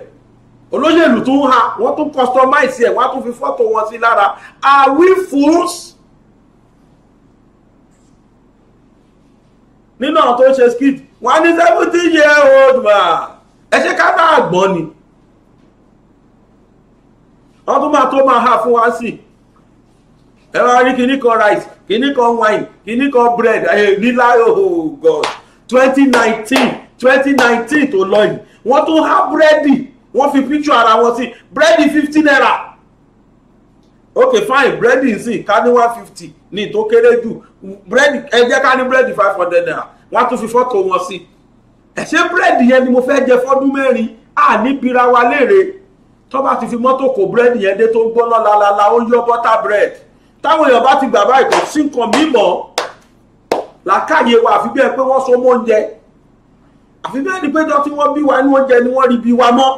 olóṣèlú tó ń ha wọ́n tún customize ẹ̀ wọ́n á tún fi fọ́tò wọn sí lára are we fools? nínú àwọn tó ń ṣe skit wọ́n ní seventy year old man ẹ ṣe ká máa gbọ́n ni wọ́n tún máa tó máa ha fún wa sí ẹ máa rí kinní kan rice kinní kan wine kinní kan bread lílá oh god twenty nineteen twenty nineteen tó lọ yìí wọ́n tún há búrẹ́dì wọ́n fi píṣọ ara wọn sí búrẹ́dì fifty naira ok fine búrẹ́dì sì ká ní one fifty ní tó kéré jù búrẹ́dì ẹ jẹ́ ká ní búrẹ́dì five hundred naira wọ́n á tún fi fọ́tò wọn sí ẹ ṣé búrẹ́dì yẹn ni mo fẹ́ jẹ fọ́dún mẹ́rin à ní bira wa léèrè tó bá ti fi mọ́tò kó búrẹ́dì yẹn dé tó ń gbóná lálálá ó yọ bọ́tà búrẹ́dì táwọn èèyàn bá ti gbà báyìí kò sí nǹkan mímọ́ làákàyè wa àfi bí ẹ pé wọ́n so mọ́ oúnjẹ àfi bẹ́ẹ̀ ni pé jọ tí wọ́n bí wa inú oúnjẹ ni wọ́n rí bí wa mọ́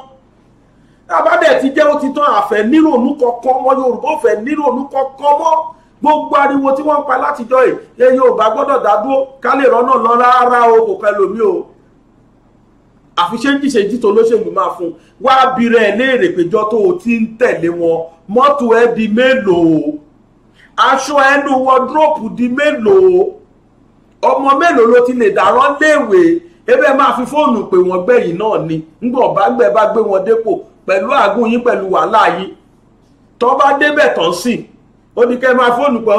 abádẹ ti jẹ́ ó ti tán àfẹ́ nírònú kọ̀ọ̀kan mọ́ yorùbá ọ̀fẹ́ nírònú kọ̀ọ̀kan mọ́ gbogbo ariwo tí wọ́n ń pa látijọ́ yìí lè yorùbá gbọ́dọ̀ dádúró ká lè rọ́nà lọ rárá o kò pẹ́ lómi o àfi ṣéńjìṣéńjì tó lóṣèlú máa fún wá bírẹ̀ léèrè péjọ tó o ti ń tẹ̀lé wọn mọ́tò ẹ di mélòó aṣọ ẹnu wọdúrópù di mélòó ọmọ mélòó ló ti lè dárọ́ léèwé ebe máa fi fóònù pè wọ́n gbẹ̀yìn náà ni ńgbọ̀n bá gbẹ bá gbé wọn dépò pẹ̀lú àgùn yín pẹ̀lú wàhálà yín tó bá débẹ̀ tán sí ó ní kẹ́ máa fóònù pọ̀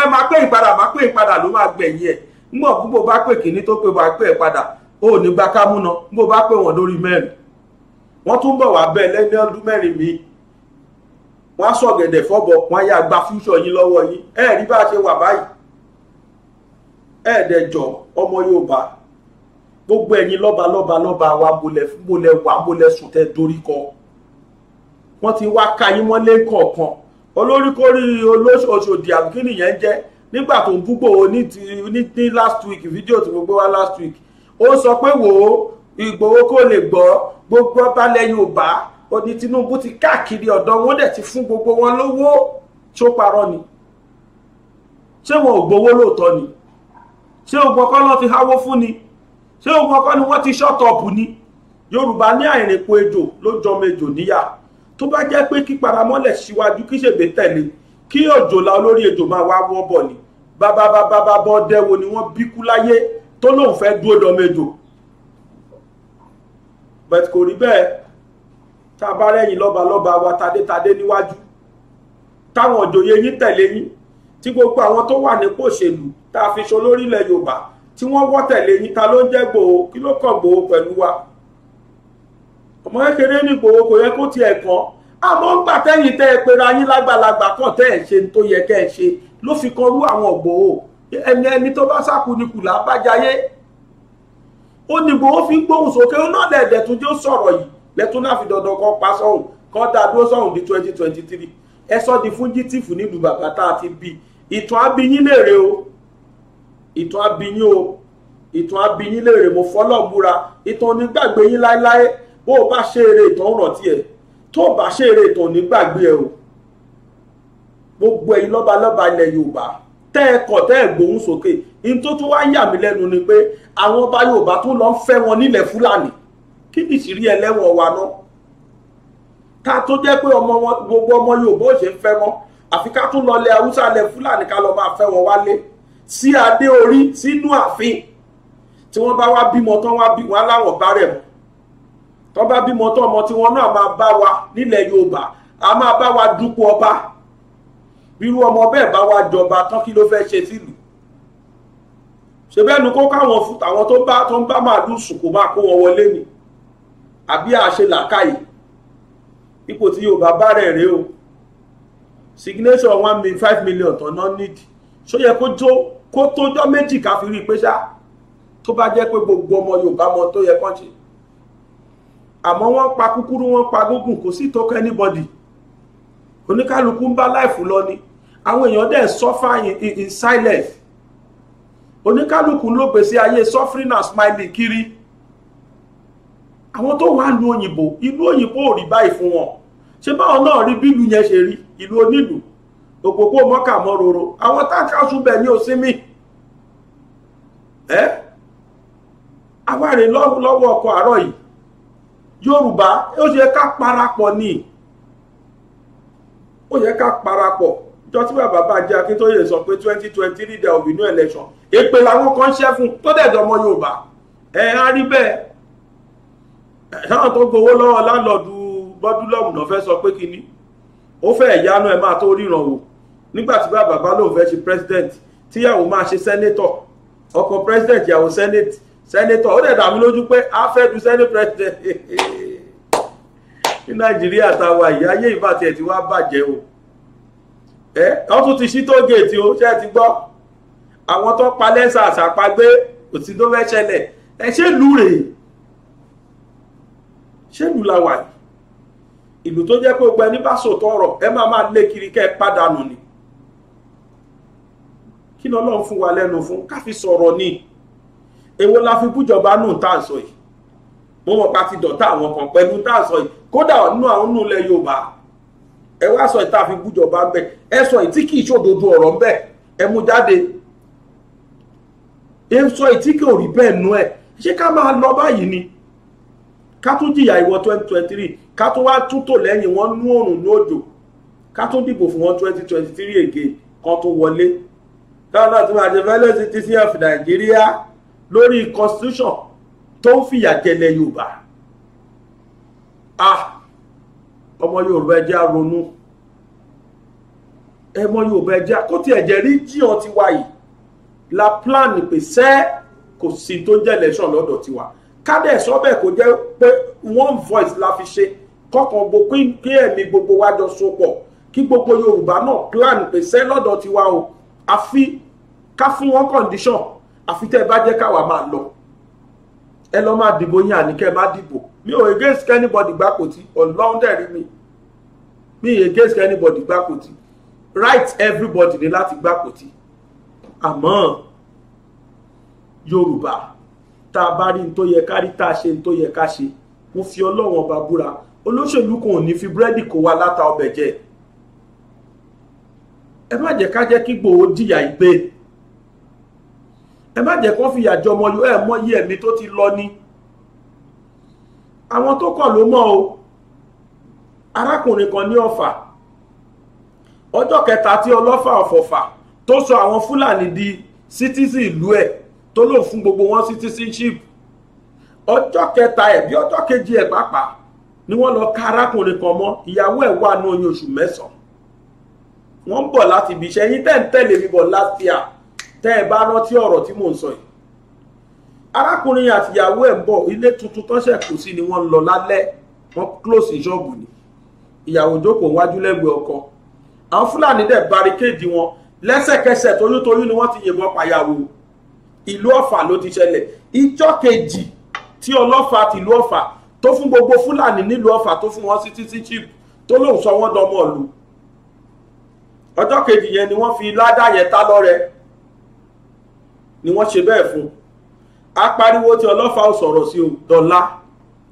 ẹ máa pè ìpadà máa pè ìpadà ló máa gbẹ̀yìn ẹ̀ ńgbọ̀n bó bá pè kíní tó pè bá pè ẹ̀ padà ó ní gba kámúná bó bá pè wọ́n lórí mẹ́rin wọ́n tún bọ̀ wá bẹ́ẹ̀ lẹ́ni ọdún mẹ́rin mi wọ́n á sọ̀gẹ̀dẹ̀ fọ́bọ̀ wọ́n á yá gba fúnṣọ yín lọ́wọ́ yín ẹ̀ ọmọ Yorùbá gbogbo ẹ̀yin lọ́ba lọ́ba lọ́ba wa mo lẹ wà mo lẹ sùn tẹ dorí kọ wọ́n ti wá ka yín mọ́lé kọ̀ọ̀kan olóríkórí olóṣòdì àbùkí nìyẹn jẹ́ nígbà tó ń búgbò ní ní last week fídíò tí mo gbé wá last week ó sọ pé wò ó Ìgbòho kò lè gbọ́ gbogbo ọba lẹ́yìn ọba ó ní Tinubu ti káàkiri ọ̀dọ̀ wọn dẹ̀ ti fún gbogbo wọn lówó tí ó parọ́ ni ṣé wọn ò gbowó lóòótọ́ ni ṣé ògbọ́n kọ́ lọ́ fi háwó fún ni ṣé òun ọkọ ni wọ́n ti ṣọ́tọ̀ọ̀pù ni yorùbá ní àìrìnpo ejò ló jọmọ ejò níyà tó bá jẹ́ pé kí paramọ́lẹ̀ síwájú kí ṣègbè tẹ̀lé kí òjòlá olórí ejò máa wá wọ́ bọ̀ ni bàbá bàbá bàbá ọdẹ́wo ni wọ́n bíkú láyé tó lóun fẹ́ dúró dọmọ ejò bẹ́ẹ̀ kò rí bẹ́ẹ̀ tá a bá rẹ́yìn lọ́ba lọ́ba wa tadétadé níwájú táwọn òjòyè yín tẹ̀lé yín tí gbogbo àwọn tó wà nípò òṣèlú tá a fi ṣolórí ilẹ̀ yorùbá tí wọ́n wọ́ tẹ̀lé yín ta ló ń jẹ́ gbòó kí ló kàn gbòó pẹ̀lú wa ọmọ kékeré ní gbòó kò yẹ kó tiẹ̀ kàn àmọ́ gbà tẹ́yìn tẹ́ ẹ pera yín lágbàlagbà kàn tẹ́ ẹ̀ ṣe tó yẹ kẹ́ ẹ ṣe ló fi kan rú àwọn gbòó ẹni ẹni tó bá sáku ni kùlà bájayé ó ní gbòó fi gbóhùn sókè ó náà lẹ̀dẹ̀ tún jẹ́ sọ̀rọ̀ yìí lẹ́tún láfi dandan kan pa sọ́hùn kan dá dúró sọ́hùn di twenty twenty three ẹ sọ́ di fúnjítìfù nílùú bàbá tá a ti bí ìtàn abiyín lè re o ìtàn abiní o ìtàn abiní léèrè mo fọlọ́ múra ìtàn onígbàgbé yín láéláé bó o bá ṣe eré ìtàn ń rántí ẹ tó o bá ṣe eré ìtàn onígbàgbé ẹ o gbogbo ẹ̀yin lọ́balọ́ba ilẹ̀ Yorùbá tẹ́ ẹ kọ̀ tẹ́ ẹ gbóhùn sókè ní tó tún wá yà mí lẹ́nu ni pé àwọn ọba Yorùbá tún lọ ń fẹ́ wọn nílẹ̀ Fúlàní kí ni ìṣírí ẹlẹ́wọ̀n wa náà ká tó jẹ́ pé ọmọ wọn gbogbo ọmọ Yorùbá ò ṣe ń fẹ́ wọn àfi ká tún lọ lẹ̀ Haúsá lẹ̀ Fúlàní ká lọ máa fẹ́ wọn wálé sí adé orí sínú ààfin tí wọ́n bá wá bímọ tán wá bí wọn láwọn bá rẹ̀ mọ́ tán bá bímọ tán ọmọ tí wọn náà máa bá wa nílẹ̀ Yorùbá a máa bá wa dúpọ̀ ọba bírú ọmọ bẹ́ẹ̀ bá wa jọba tán kí ló fẹ́ ṣe sílùú ṣe bẹ́ẹ̀ nu kó káwọn fún tàwọn tó bá tó ń bá màálù sùn kó máa kó wọn wọlé ni àbí àṣe làákàyè ipò tí Yorùbá bá rẹ̀ rèé o signation one million five million tán náà nídìí ṣó yẹ kó jó kó tójọ́ méjì ká fi rí i pé ṣá tó bá jẹ́ pé gbogbo ọmọ Yorùbá mọ tó yẹ kán ṣe àmọ́ wọ́n pa kúkúrú wọ́n pa gógùn kò sí ìtọ́kọ anybody oníkálukú ń bá láìfù lọ ni àwọn èèyàn dẹ̀ suffer in, in, in silence oníkálukú ló gbèsè ayé suffering and smiling kiri àwọn tó wà ní òyìnbó ìlú òyìnbó ò rí báyìí fún wọn ṣé báwọn náà rí bílù yẹn ṣe rí ìlú onílùú òpópó mọ́kà mọ́ roro àwọn táǹkàṣù bẹ̀ ní òsínmì ẹ́ awárin lọ́wọ́ ọkọ̀ àárọ̀ yìí yorùbá ó yẹ ká parapọ̀ ni ó yẹ ká parapọ̀ jọ tí bàbá bá jẹ́ akíntóyè sọ pé twenty twenty three there will be no election èpè làwọn kan ṣẹ́ fún tó dẹ̀ dọmọ yorùbá ẹ̀ á rí bẹ́ẹ̀ táwọn tó gbowó lọ́wọ́ lálọ́ọ̀dù bọ́dúlọ́ọ̀mù náà fẹ́ sọ pé kínní ó fẹ́ yánú ẹ máa tó ríran wò nígbà tí bàbá bá lóun fẹ́ ṣe president tíyàwó máa ṣe senator ọkọ president ìyàwó senate senator ó dẹ̀ dàmí lójú pé a fẹ́ du senate president [LAUGHS] ní nàìjíríà táwa yìí ayé ìbàtì ẹ̀ ti wá bàjẹ́ o ẹ wọ́n tún ti ṣí tó géètì o ṣé ẹ ti gbọ́ àwọn tó pa lẹ́sà àṣàpagbé òtí tó fẹ́ ṣẹlẹ̀ ẹ ṣé lù rèé ṣé lù la wà yìí ìlú tó jẹ́ pé gbogbo ẹni bá sòtọ́ ọ̀rọ̀ ẹ máa máa lé kiri kẹ́ ẹ pàdánù ni kí ni ọlọ́run fún wa lẹ́nu fún ká fi sọ̀rọ̀ ni èwo la fi bújọba nù tá à ń sọ yìí mo mọ̀ pa ti dọ̀tá àwọn kan pẹ̀lú tá à ń sọ yìí kódà nínú àwọn nù ilẹ̀ yorùbá ẹ wá sọ yìí tá a fi bújọba ń bẹ ẹ sọ yìí tí kì í ṣòdodo ọ̀rọ̀ ń bẹ ẹ mú jáde ẹ sọ yìí tí kò rí bẹ́ẹ̀ nú ẹ ṣé ká máa lọ báyìí ni ká tún jìyà ìwọ twenty twenty three ká tún wá túntò lẹ́yìn wọn nú òrùn ní òjò ká tún dìbò fún wọn twenty twenty three again kan tún wọlé tọ́lọ́ tí wọ́n ti fẹ́ lọ́sí ti sí of Nàìjíríà lórí constitution tó ń fìyà jẹlẹ Yorùbá ah ọmọ Yorùbá ẹ jẹ́ á ronú ẹ mọ Yorùbá ẹ jẹ́ kó tiẹ̀ jẹ́ region tiwa yìí la plan pè sẹ́ kò sí tó jẹ́ election lọ́dọ̀ tiwa kádẹ̀ sọ́bẹ̀ kò jẹ́ pé one voice la fi ṣe kọkàn gbogbo kí ẹ̀mí gbogbo wa jọ so pọ̀ kí gbogbo Yorùbá náà plan pè sẹ́ lọ́dọ̀ tiwa o àfi ká fún wọn condition àfi tẹ́ ẹ bá jẹ́ káwa máa lọ ẹ lọ máa dìbò yín àníkẹ́ má dìbò mi ò against anybody gbàkòtì ọlọ́run dẹ̀rí mi mi ò against anybody gbàkòtì right everybody ni láti gbàkòtì àmọ́ yorùbá tá a bá rí n tó yẹ ká rí tá a ṣe n tó yẹ ká ṣe mo fi ọlọ́run ọba búra olóṣèlú kan ò ní fi búrẹ́dì kó wa láta ọbẹ̀ jẹ́ ẹ̀ ẹ má jẹ́ ká jẹ́ kí Ìgbòho jìyà ìgbé ẹ má jẹ́ kó fìyà jọmọ yóò ẹ̀ mọyì ẹ̀mí tó ti lọ ni àwọn tó kọ̀ ló mọ̀ o arákùnrin kan ní ọ̀fà ọjọ́ kẹta tí ọlọ́fà ọ̀fọ̀fà tó sọ àwọn fúlàní di citizen ìlú ẹ̀ tó lò fún gbogbo wọn citizenship ọjọ́ kẹta ẹ̀ bí ọjọ́ kejì ẹ̀ pàápàá ni wọ́n lọ ká arákùnrin kan mọ́ ìyàwó ẹ̀ wà ní oyún oṣù mẹ́sàn-án wọ́n ń bọ̀ láti ibi iṣẹ́ yín tẹ́ ń tẹ̀lé mi bọ̀ láti à tẹ́ ẹ bá rántí ọ̀rọ̀ tí mò ń sọ yìí. arákùnrin àtìyàwó ẹ̀ ń bọ̀ ilé tuntun tọ́sẹ̀ kù sí ni wọ́n ń lọ lálẹ́ wọ́n close ṣọ́ọ̀bù ni ìyàwó jókòó wájú lẹ́gbẹ̀ẹ́ ọkọ àwọn fúlàní dẹ̀ barricade wọn lẹ́sẹ̀kẹsẹ̀ toyúntoyún ni wọ́n ti yìnbọn pàyàwó ìlú ọ̀fà ló ti ṣẹlẹ̀ ìjọ kejì tí ọlọ́fà tìlú ọ̀fà tó fún gbogbo fúlàní nílùú ọ̀fà tó fún wọn sí títí chip ọjọ́ kejì yẹn ni wọ́n fi ládà yẹn tá lọ́rẹ ni wọ́n ṣe bẹ́ẹ̀ fún un apariwo tí ọlọ́fà ò sọ̀rọ̀ sí o dọ̀la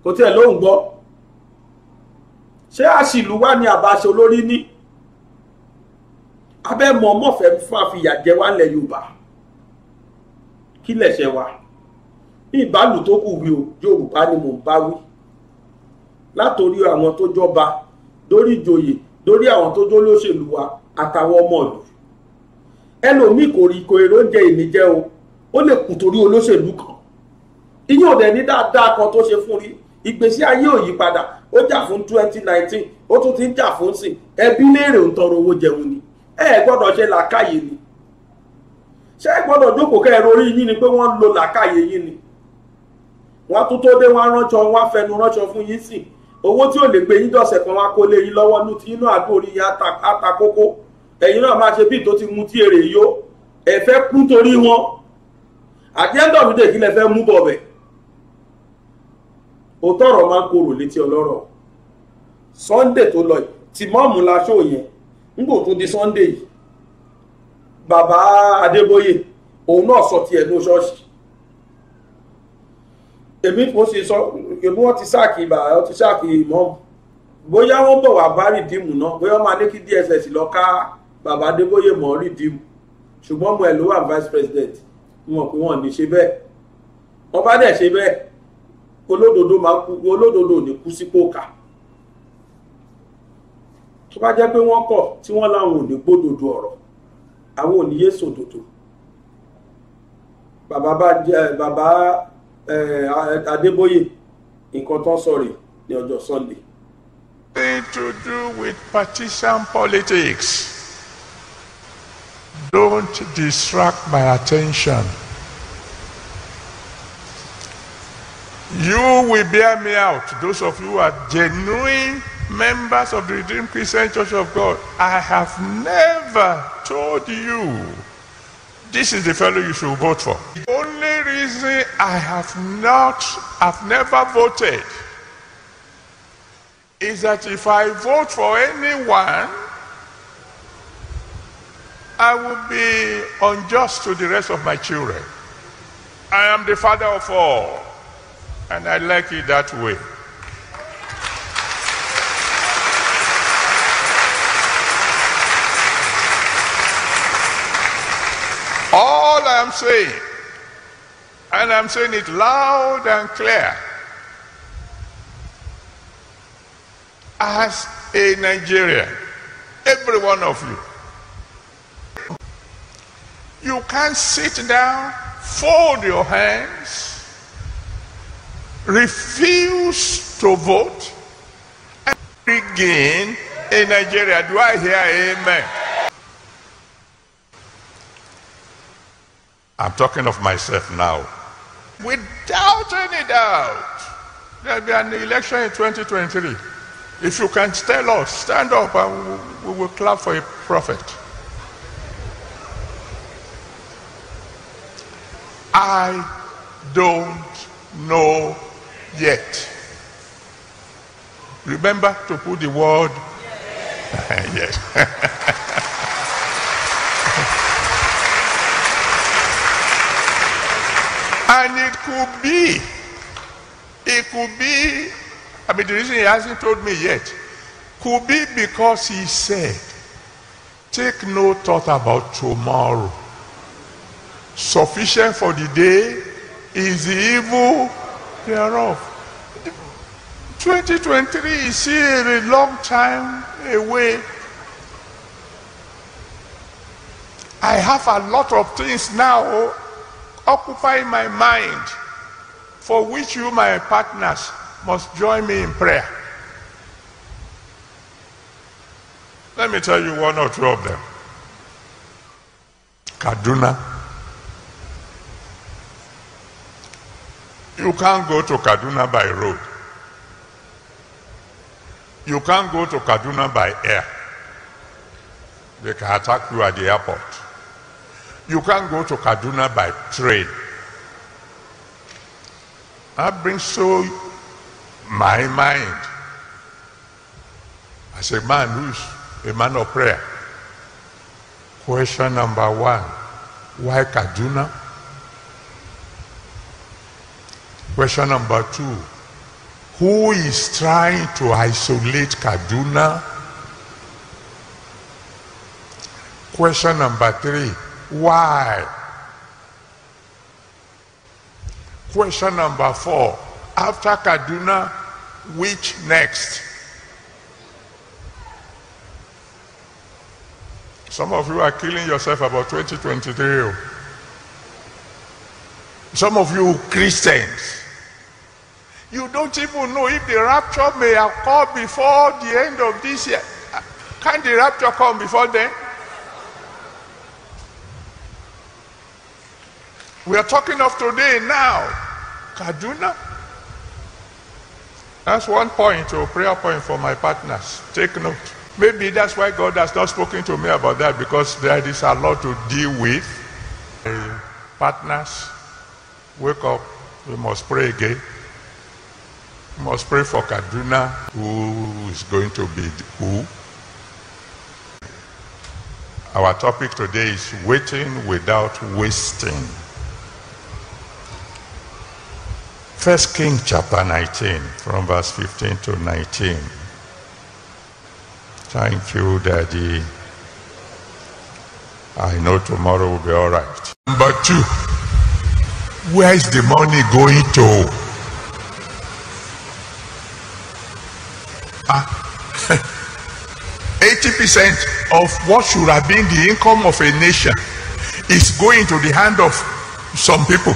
kò tiẹ̀ lóhùn gbọ́ ṣé àṣìlú wà ní àbáṣe olórí ní abẹ́mọ̀ mọ̀fẹ́ fún àfìyà jẹ wá lẹ̀ Yorùbá kí lẹ̀ṣẹ̀ wa ìbálò tó kù wí o Yorùbá ni mò ń bá wí látòrí àwọn tó jọba dórí ìjòyè dórí àwọn tó jólóṣèlú wa àtàwọn ọmọ ìlú ẹlòmíì kò rí kò èrò jẹ èmi jẹ o ó lè kù torí olóṣèlú kan ìyẹn ò dẹ̀ ní dáadáa kan tó ṣe fún rí ìgbésí ayé ò yí padà ó jà fún twenty nineteen ó tún ti ń jà fún sìn ẹbí léèrè ń tọrọ owó jẹun ni ẹ ẹ gbọ́dọ̀ ṣe làákàyè ni ṣé ẹ gbọ́dọ̀ jókòó kẹ́ ẹ rorí yín ni pé wọ́n ń lo làákàyè yín ni wọ́n tún tó dé wọ́n ránṣọ wọ́n fẹnu ránṣọ fún yín sìn owó tí ò lè gbé yín dọ̀sẹ̀ kan wá kó lé yín lọ́wọ́ ní ti inú àdó orí yín àtakókó ẹ̀yin náà máa ṣe bíi tó ti mu tí èrè yó ẹ fẹ́ kú torí wọn àti ẹ̀ńdọ̀ mi dèkí lẹ fẹ́ mú bọ̀ bẹ̀ òótọ́ ọ̀rọ̀ máa ń korò létí ọlọ́rọ̀ Sunday tó lọ yìí tí mọ́ọ̀mù laṣọ yẹn nígbò tó di Sunday yìí bàbá Adébóyè òun náà sọ tiẹ̀ ní ṣọ́ọ̀ṣì èmi kò sì sọ èmi wọ́n ti sáàkì ìbà wọ́n ti sáàkì ìmọ̀ọ́mù bóyá wọ́n bọ̀ wá bá rìdíìmù náà bóyá wọ́n máa ní kí DSS lọ ká bàbá adébóyè mọ̀ ọ́ rìdíìmù ṣùgbọ́n ọmọ ẹ̀ wà vice president wọn pé wọn ní ṣe bẹ́ẹ̀ wọn bá dẹ̀ ṣe bẹ́ẹ̀ olódodo máa kú olódodo ò ní kú sípò kà tó bá jẹ́ pé wọ́n kọ̀ tí wọ́n láwọn ò ní gbódodo ọ̀rọ̀ àwọn ò ní yé sòdodo bàbá bá jẹ adébóyè nǹkan tó sọ rèé ní ọjọ́ sunday. to do with partisan
politics. Don't distract my attention. You will bear me out. Those of you who are genuine members of the Redeemed Christian Church of God, I have never told you this is the fellow you should vote for. The only reason I have not, I've never voted is that if I vote for anyone, I will be unjust to the rest of my children. I am the father of all, and I like it that way. All I am saying, and I'm saying it loud and clear, as a Nigerian, every one of you, you can't sit down, fold your hands, refuse to vote, and begin in Nigeria. Do I hear amen? I'm talking of myself now. Without any doubt, there'll be an election in 2023. If you can tell us, stand up and we will clap for a prophet. I don't know yet. Remember to put the word [LAUGHS] yes. [LAUGHS] and it could be, it could be, I mean, the reason he hasn't told me yet could be because he said, take no thought about tomorrow. Sufficient for the day is the evil thereof. 2023 is here, a long time away. I have a lot of things now occupying my mind for which you, my partners, must join me in prayer. Let me tell you one or two of them. Kaduna. You can't go to Kaduna by road. You can't go to Kaduna by air. They can attack you at the airport. You can't go to Kaduna by train. That brings to my mind as a man who's a man of prayer. Question number one, why Kaduna? Question number two. Who is trying to isolate Kaduna? Question number three. Why? Question number four. After Kaduna, which next? Some of you are killing yourself about 2023. Some of you Christians you don't even know if the rapture may have come before the end of this year. Can the rapture come before then? We are talking of today now. Kaduna. That's one point or oh, prayer point for my partners. Take note. Maybe that's why God has not spoken to me about that because there is a lot to deal with. Partners, wake up. We must pray again. We must pray for Kaduna, who is going to be who. Our topic today is waiting without wasting. First King chapter 19, from verse 15 to 19. Thank you, Daddy. I know tomorrow will be all right. Number two, where is the money going to? 80% ah. [LAUGHS] of what should have been the income of a nation is going to the hand of some people.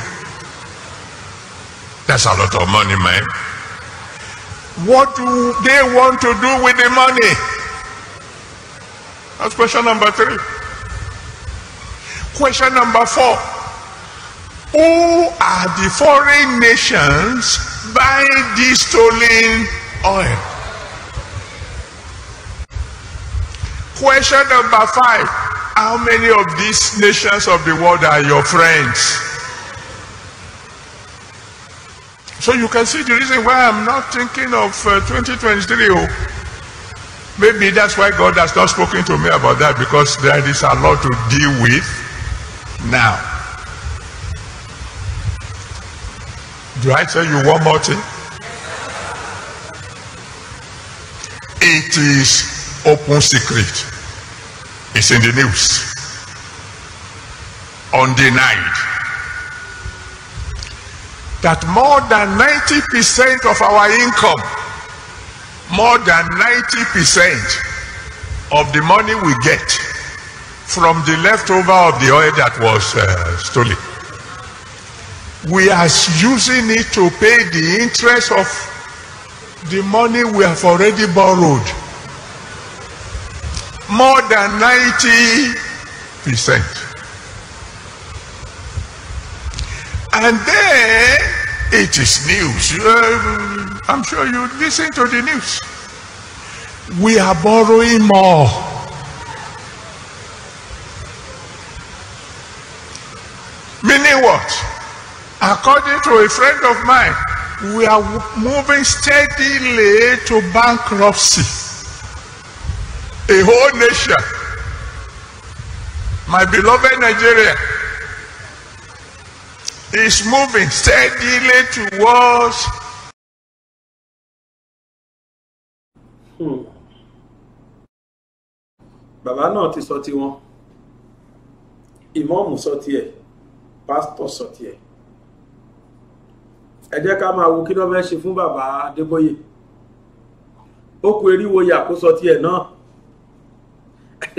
That's a lot of money, man. What do they want to do with the money? That's question number three. Question number four. Who are the foreign nations buying this stolen oil? Question number five. How many of these nations of the world are your friends? So you can see the reason why I'm not thinking of uh, 2023. Oh. Maybe that's why God has not spoken to me about that because there is a lot to deal with now. Do I tell you one more thing? It is open secret. It's in the news. Undenied. That more than ninety percent of our income, more than ninety percent of the money we get from the leftover of the oil that was uh, stolen, we are using it to pay the interest of the money we have already borrowed. more than 90 percent. And then it is news. Um, I'm sure you listen to the news. We are borrowing more. Meaning what? According to a friend of mine, we are moving steadily to bankruptcy. a whole nation. My beloved Nigeria
is moving steadily towards. Hmm.
Bàbá náà ti sọ tiwọn, ìmọ̀ọ́mù sọ tiẹ̀, pásítọ̀ sọ tiẹ̀. Ẹ jẹ́ ká máa wo kí ló fẹ́ ṣe fún bàbá Adébóyè. Ó ku eriwo yàkó sọ tiẹ̀ náà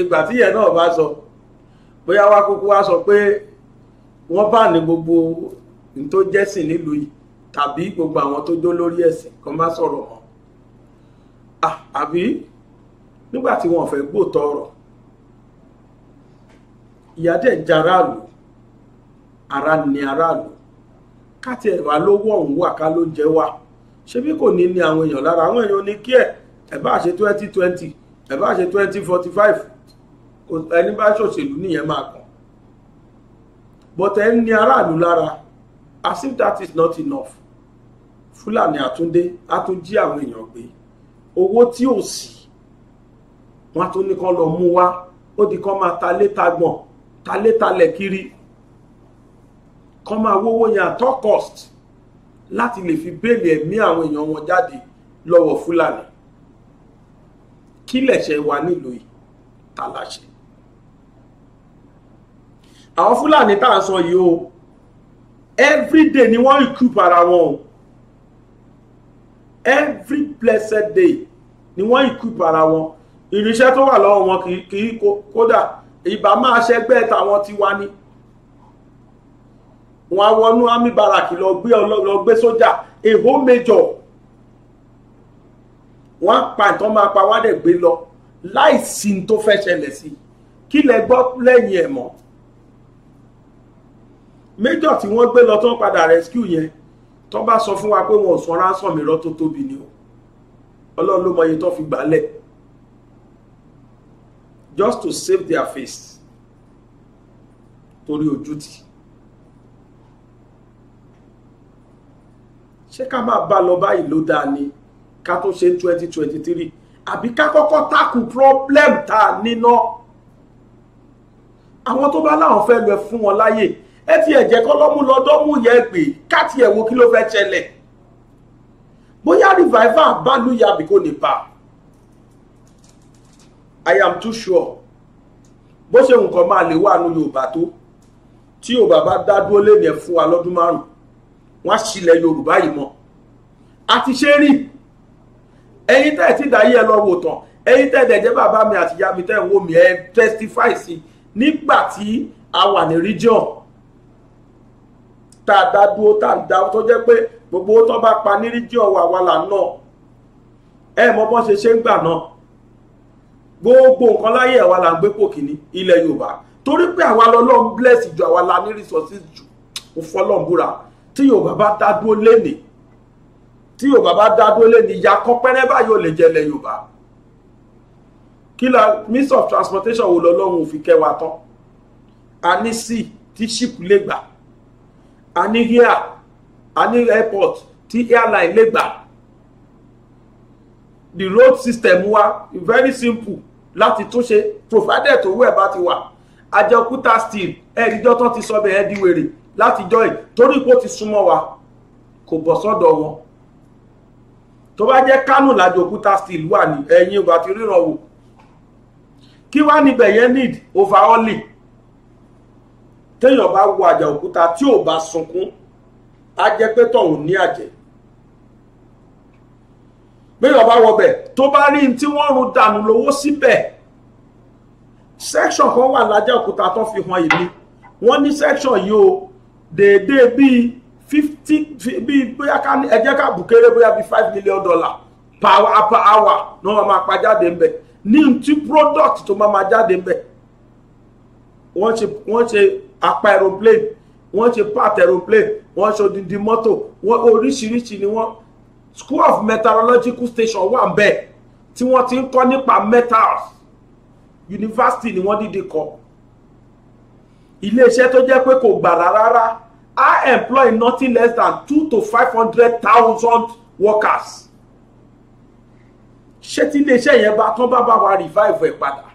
ìgbà tí ìyẹn náà bá sọ bóyá wá kúkú wá sọ pé wọ́n bá ní gbogbo ní tó jẹ́sìn nílùú yìí tàbí gbogbo àwọn tó jó lórí ẹ̀sìn kan bá sọ̀rọ̀ wọn àbí nígbà tí wọ́n fẹ́ gbòòtọ̀ ọ̀rọ̀ ìyá dẹ̀ jẹ́ ara ni aráàlú káti ẹ̀wà ló wọ̀ wà ká ló jẹ́ wà ṣebí kò ní ní àwọn èèyàn lára àwọn èèyàn ní kí ẹ̀ ẹ̀ bá ṣe twenty twenty ẹ̀ bá ṣe twenty forty five ẹni bá ṣòṣèlú nìyẹn máa kàn but ẹni ní aráàlú lára as if that is not enough fúlàní àtúndé á tún jí àwọn èèyàn gbé owó tí ò sí wọn tún ní kán lọ mú wá ó di kán máa ta létà gbọ̀n ta létà lẹ̀ kiri kán máa wówó yẹn at cost láti lè fi béèlì ẹ̀mí àwọn èèyàn wọn jáde lọ́wọ́ fúlàní kí lẹ̀ṣẹ̀ wà nílùú yìí ta láṣẹ àwọn fúlàní tá à ń sọ yìí o everyday ni wọ́n recoup ara wọn o every blessed day ni wọ́n recoup ara wọn irinṣẹ́ tó wà lọ́wọ́ wọn kì í kódà ìbá máa ṣẹgbẹ́ tàwọn tiwa ni wọn á wọnú army barrack lọ gbé lọ gbé sójà èhó méjọ wọn á pa ìtàn máa pa wádẹ gbé lọ láì sí ní tó fẹ́ ṣẹlẹ̀ sí kí lẹ gbọ́ lẹ́yìn ẹ̀ mọ́ méjọ tí wọ́n gbé lọ tó ń padà rescue yẹn tó bá sọ fún wa pé wọn ò san ransom irọ́ tó tóbi ni o ọlọ́run ló mọ iye tó fi gbálẹ̀ just to save their face torí ojútì ṣé ká máa bá lọ báyìí ló dáa ni ká tó ṣe twenty twenty three àbí ká kọ́kọ́ tákù problem tá a níná àwọn tó bá láwọn fẹ́ lọ fún wọn láyè ẹ ti ẹ̀jẹ̀ kọ́ lọ́mú lọ́dọ́mú yẹn pé káàtì ẹ̀ kí ló fẹ́ ṣẹlẹ̀ bóyá revival bá lùyà bí kò i am too sure bó ṣe nǹkan máa lè wà ní yorùbá tó tí yorùbá bá dá dúró lẹ́nu ẹ̀ fún wa lọ́dún márùn-ún wọ́n á ṣílẹ̀ yorùbá yìí mọ́ a ti ṣe rí ẹ̀yin tẹ́ ẹ̀ ti dàyé ẹ lọ wò tán ẹ̀yin tẹ́ ẹ̀ dẹ̀ jẹ́ bàbá mi àti ìyá mi tẹ́ ẹ̀ wò mí ẹ̀ testify sí nígbà tí a wà ní region tá a dá dúró tá a dá tó jẹ́ pé gbogbo owó tó bá pa ní ríjì ọ̀wọ̀ àwa là ń nà ẹ mọ bọ́n ṣe ṣe ń gbà náà gbogbo nǹkan láyé àwa là ń gbé pò kìíní ilẹ̀ Yorùbá torí pé àwa lọ́lọ́run bless ju àwa la ní resources jù ó fọlọ́run búra tí Yorùbá bá dá dúró lénìí tí Yorùbá bá dá dúró lénìí ìyá kan pẹ́rẹ́ báyìí ò lè jẹ ilẹ̀ Yorùbá kí la means of transportation wo lọ́lọ́run ò kẹwàá tán a ní sí tí ship lè gbà a ní air airport tí airline lè gbà the road system wa very simple láti túnṣe provided tó wẹ̀ bá ti wà àjẹkúta steel ẹ̀ẹ́dìjọ́ tán ti sọ bẹ́ẹ̀ di wèrè láti jọ́ yìí torí pé ó ti súnmọ́ wa kò bọ̀ sọ́dọ̀ wọn tó bá jẹ́ kánò lájọ òkúta steel wà ní ẹ̀yìn ìgbà tí ríran wò kí wá níbẹ̀ yẹn need overhauling téèyàn bá wo àjà òkúta tí ò bá sunkún á jẹ́ pé tọ̀hún ní àjẹ́ béèyàn bá wọbẹ̀ tó bá rí tí wọ́n run dànù lówó síbẹ̀ section kan wà lájà òkúta tó fi hàn èmi wọ́n ní section yìí o déédéé bíi fifty bíi bóyá ká ẹ jẹ́ ká bùkéré bóyá bíi five million dollar per hour per hour ni wọ́n máa pa jáde ń ní ti product tó máa máa jáde ń bẹ̀ ṣe wọ́n ṣe apá aeroplane wọ́n ṣe part aeroplane wọ́n ṣe odindi mọ́tò wọ́n oríṣiríṣi ni wọ́n school of meteorological station wà ń bẹ̀ tí wọ́n ti ń kọ́ nípa metals university ni wọ́n dìde kọ́ iléeṣẹ́ tó jẹ́ pé kò gbàrà rárá I employ nothing less than two to five hundred thousand workers ṣé tí iléeṣẹ́ yẹn bá tán bá bá wa revive ẹ̀ padà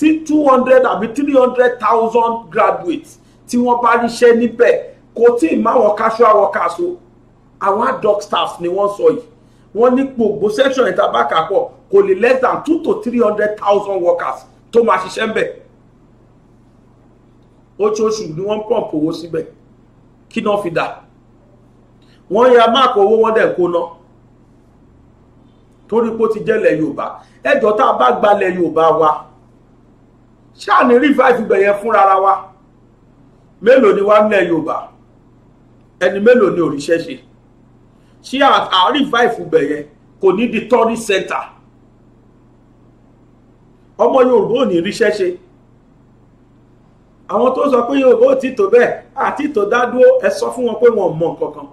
tí two hundred àbí three hundred thousand graduates tí wọ́n bá ríṣẹ́ níbẹ̀ kò tí ì má wọn káṣọ àwọn káṣọ àwọn adult staff ni wọ́n sọ yìí wọ́n ní gbogbo section ìtabakàpọ̀ kò lè less than two to three hundred thousand workers tó máa ṣiṣẹ́ ń bẹ̀ oṣooṣù ni wọ́n pọ̀npọ̀ owó síbẹ̀ kí náà fi dà wọ́n ya máàkì owó wọn dẹ̀ kó ná torí pé ó ti jẹ́ ilẹ̀ Yorùbá ẹjọ́ tá a bá gbalẹ̀ Yorùbá wa ṣáà ní revive ibẹ̀ yẹn fúnra wa mélòó ni wá nílẹ̀ yorùbá ẹni mélòó ni òrìṣẹ́ ṣe ṣí à revive ibẹ̀ yẹn kò ní di tourist center ọmọ yorùbá ò ní ríṣẹ́ ṣe àwọn tó sọ pé yorùbá ò tí tó bẹ́ẹ̀ àti tó dádúró ẹ sọ fún wọn pé wọn ò mọ nǹkan kan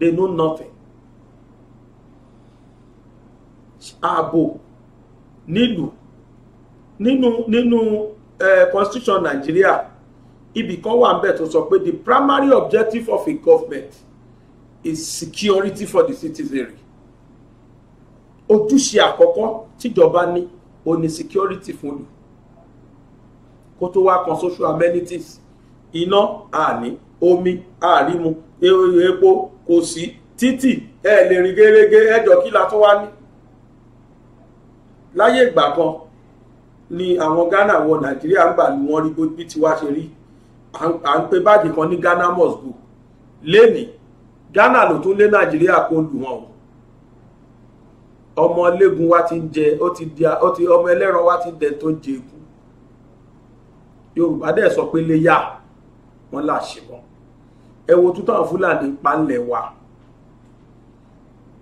they know nothing ààbò nílùú nínú nínú uh, constitution Nigeria ibì kan wà níbẹ̀ tó sọ pé the primary objective of a government is security for the citizenry ojúṣe àkọ́kọ́ tíjọba ní ó ní security fún mi kó tó wá kan social amenities iná àní omi àrímu e, epo kò sí títì ẹ lè rìn gẹ́gẹ́ ẹjọ́ kí la tó wá ní láyé ìgbà kan ni àwọn Ghana wọ Nàìjíríà ń gbà ní wọ́n rí bí tiwa ṣe rí à ń pe báàgì kan ní Ghana must go lẹ́nì Ghana ló tún lé Nàìjíríà kó lù wọ́n o ọmọ ẹlẹ́gùn wa ti ń jẹ ó ti di ó ti ọmọ ẹlẹ́ran wa ti dẹ̀ tó ń jẹ egun Yorùbá dẹ̀ sọ pé léyà wọn là ṣe wọn ẹ wo tún táwọn Fúlàní pa wa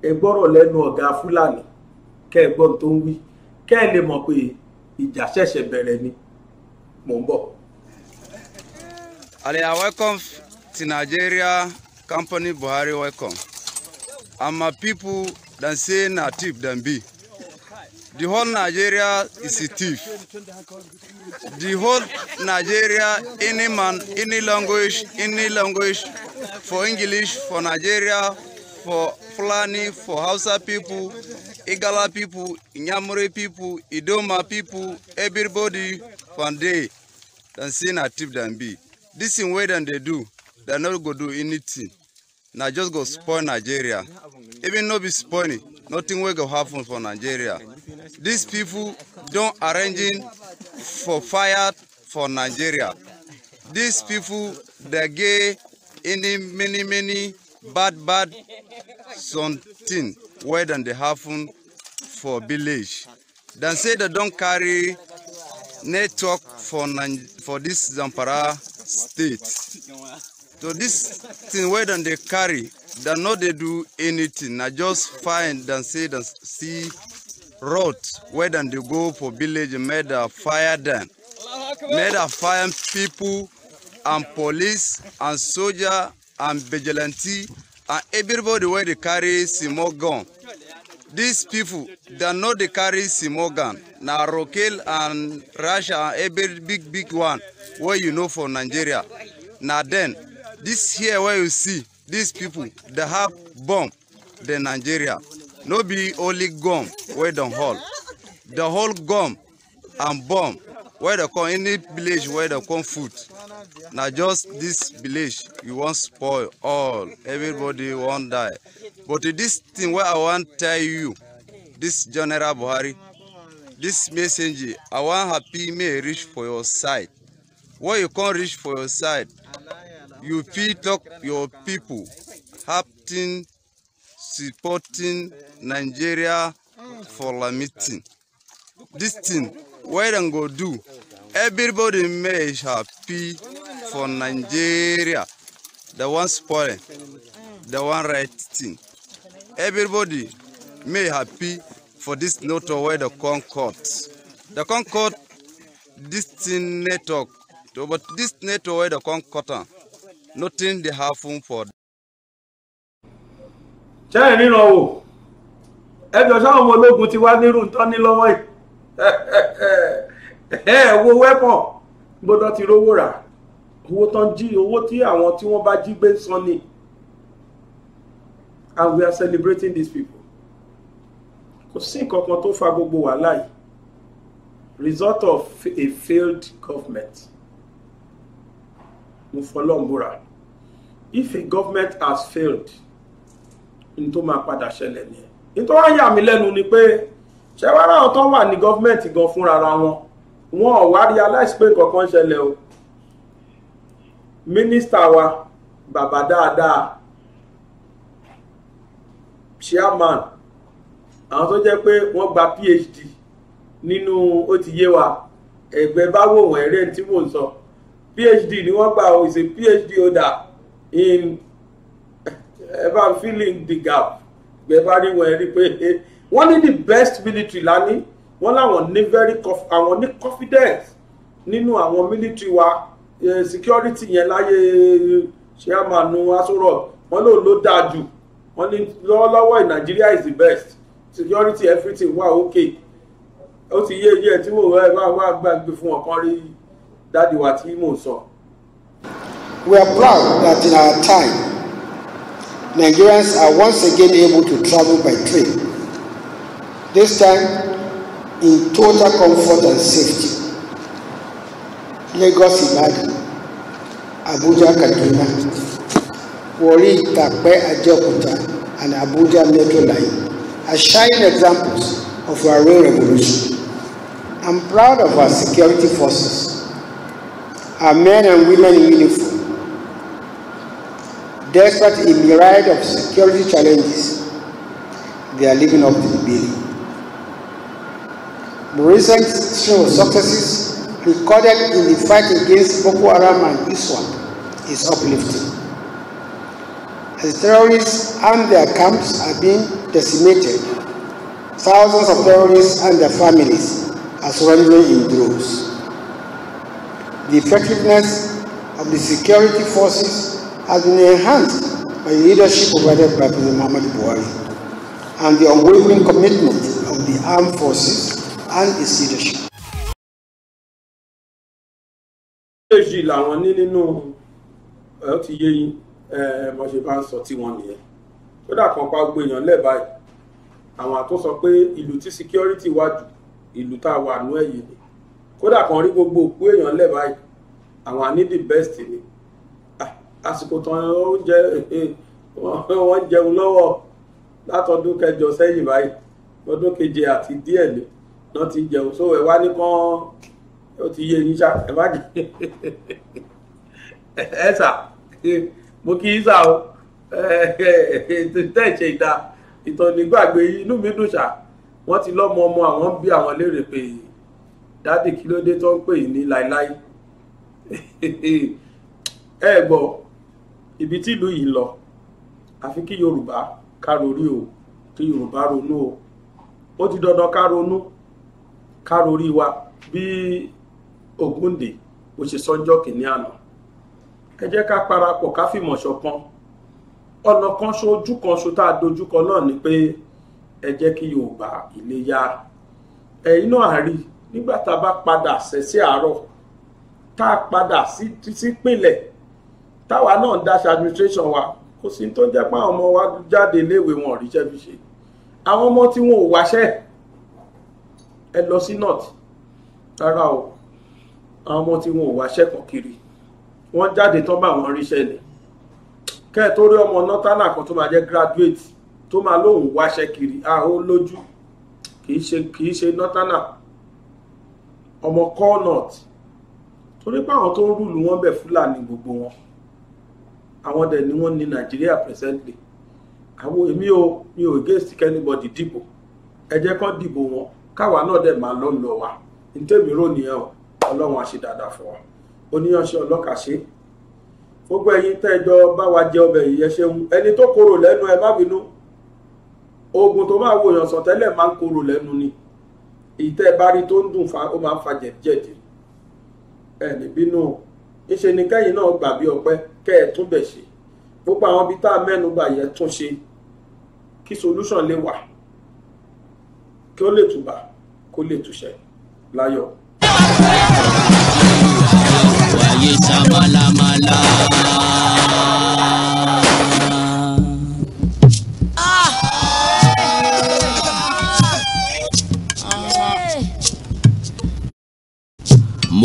ẹ gbọ́rọ̀ lẹ́nu ọ̀gá Fúlàní kẹ́ ẹ gbọ́n tó ń wí kẹ́ ẹ lè mọ̀ pé ìjà ṣẹ̀ṣẹ̀ bẹ̀rẹ̀ ni mò ń bọ̀.
They are welcome to Nigeria company Buhari welcome. And my people that say na thief than be. The whole Nigeria is a thief.
The whole Nigeria,
any man, any language, any language, for English, for Nigeria, for Fulani, for Hausa people, Igala people, Inyamure people, Idoma people, everybody one day than seen a tip than be. This in way than they do, they not go do anything. Now just go spoil Nigeria. Even not be spoiling, nothing will go happen for Nigeria. These people don't arranging for fire for Nigeria. These people they get any many many bad bad something. more than they have for village. Then say they don't carry network for for this Zampara state. So this thing where than they carry, they know they do anything. I just find than say than see road where than they go for village made a fire them. Made a fire people and police and soldier and vigilante and everybody wey dey carry small gun dis pipo dem no dey carry small gun na rokel and russia and every big big one wey you know for nigeria na den this here wey you see these people, dey have bomb dey nigeria no be only gum wey dem hold, dem haul gum and bomb wey dey come any village wey dey come food na just this village you wan spoil all everybody wan die but this thing wey i wan tell you this general buhari this messenger i wan happy may reach for your side when you come reach for your side you fit talk your people helping supporting nigeria for meeting. This thing wey dem go do Everybody may happy for Nigeria. The one spoiling, the one right thing. Everybody may happy for this network where the Concord. The Concord, this thing network, but this network where the Concord, nothing they happen for. Ṣẹ́yìn nínú ọ̀wọ̀, ẹjọ́ sáwọn ọmọ ológun ti wá nírú ń tán ní lọ́wọ́ yìí
ẹ wo wẹ́pọ̀n gbọ́dọ̀ ti rówó rà owó tán jí owó tí àwọn tí wọ́n bá jí gbé san ni and we are celebrating these people kò sí nǹkan kan tó fa gbogbo wàhálà yìí result of a failed government mo fọlọ́n búra if a government has failed n tó máa padà ṣẹlẹ̀ nìyẹn nítorí wọ́n yà mí lẹ́nu ni pé ṣé wàá wà ní gọ́fìmẹ̀ntì gan fúnra ra wọn wọn ò wá realize pé nǹkan kan ṣẹlẹ̀ o mínísítà wa bàbá dáadáa chairman àwọn tó jẹ́ pé wọ́n gba phd nínú ó ti yé wa ẹ̀gbẹ́ bá wò wọ́n ẹ̀rẹ́ tí mò ń sọ phd ni wọ́n gba o is phd holder in ẹ bá filling the gap gbẹ bá rí wọn ẹ rí pé wọ́n ní the best military lánìí wọ́n láwọn ní very àwọn ní confidence nínú àwọn military wa eh, security yẹn láyé chairmanu asorok wọ́n lòun ló dáa jù wọ́n ní lọ́wọ́lọ́wọ́ in is the best security everything wà okay ó ti yé yé tí mo wá wá gbàgbé fún ọ̀kan rí dáàdi wa tí mò sọ.
We are proud that in our time, Nigerians are once again able to travel by train. This time, in total comfort and safety. Lagos ibadan Abuja Kaduna, Warri Tapẹ́ Ajaokuta and Abuja Metro Line are shining examples of our rail revolution. I'm proud of our security forces, our men and women in uniform. Despite a myriad of security challenges, they are living up to the billing. Recent successes recorded in the fight against Boko Haram and ISWAN is uplifting. As terrorists and their camps are being decimated, thousands of terrorists and their families are surrendering in droves. The effectiveness of the security forces has been enhanced by the leadership provided by President Muhammad Buhari and the unwavering commitment of the armed forces
and his leadership. méjì làwọn ní nínú ẹ ó ti yé yín ẹ mo ṣe bá ń sọ tí wọn nìyẹn kódà kan pa gbogbo èèyàn lẹ́ẹ̀báyìí àwọn àtó sọ pé ìlú tí security wà jù ìlú tá a wà nú ẹ̀yìn ni kódà kan rí gbogbo òkú èèyàn lẹ́ẹ̀báyìí àwọn àní the best ni ah, àsìkò tán oúnjẹ [LAUGHS] wọn jẹun lọ́wọ́ látọdún kẹjọ sẹ́yìn báyìí lọ́dún keje àti díẹ̀ ni náà ti ń jẹun so ẹ wá ní kán ó ti yé yín ṣá ẹ má jẹ [LAUGHS] ẹ ṣá mo kí yín ṣá o tẹ́ ẹ̀ ṣe ìdá ìtọ́ni gbàgbé inú mi dùn ṣá wọ́n ti lọ́mọ ọmọ àwọn bí àwọn léèrè pé dáàdì kí ló dé tó ń pè yín ní láéláé [LAUGHS] ẹ gbọ́ ibi tí ìlú yìí lọ àfi kí yorùbá ká rorí o kí yorùbá ronú o ó ti dandan ká ronú károrí wa bí Ògúndé bó ṣe sọ́jọ́ kìíní àná ẹ jẹ́ ká parapọ̀ ká fìmọ̀ ṣọ̀kan ọ̀nà kan ṣojú kan ṣo tá a dojúkọ náà ni pé ẹ jẹ́ kí Yorùbá Iléyá ẹ̀yin náà rí nígbà tá a bá padà ṣẹ̀ṣẹ̀ àárọ̀ tá a padà sípìlẹ̀ táwa náà ń dáṣe administration wa kò sí tó ń jẹ́ pé àwọn ọmọ wa jáde léèwé wọn ò ríṣẹ́ fi ṣe àwọn ọmọ tí wọn ò wáṣẹ́ ẹ lọ sí north rárá o àwọn ọmọ tí wọn ò wáṣẹ́ kan kiri wọ́n jáde tán bá wọn ríṣẹ́ ni kẹ́ ẹ̀ tó rí ọmọ nọ́tánà kan tó máa jẹ́ graduate tó máa lóun wáṣẹ́ kiri a ó lójú kìí ṣe kìí ṣe nọ́tánà ọmọ call north torí pé àwọn tó ń rúlu wọn bẹ̀ fúlàní gbogbo wọn àwọn dẹ̀ ni wọ́n ní nàìjíríà presently àwọn èmi ò mi ò gé sí kẹ́nìbọ̀dì dìbò ẹ jẹ́ kán dìbò wọn káwa náà dẹ̀ máa lọ́n lọ wa ntẹ́mi rò nìyẹn o ọlọ́run á ṣe dáadáa fún wa oníyanṣẹ́ ọlọ́kàṣe gbogbo ẹ̀yin tẹ́jọ bá wa jẹ ọbẹ̀ yìí ẹ ṣeun ẹni tó korò lẹ́nu ẹ má bínú oògùn tó máa wo èèyàn sàn tẹ́lẹ̀ máa ń korò lẹ́nu ni ìtẹ́ bá rí tó ń dùn fa ó máa ń fa jẹ̀díjẹ̀dí ẹni bínú ìṣe ni kẹ́yìn náà gbà bí ọpẹ́ kẹ́ ẹ tún bẹ̀ ṣe gbogbo àwọn ibi tá a mẹ́nu bà yẹn tún ṣe kí solution lè wà kí ó lè túbà kó lè túṣẹ láyọ̀.
ayé ta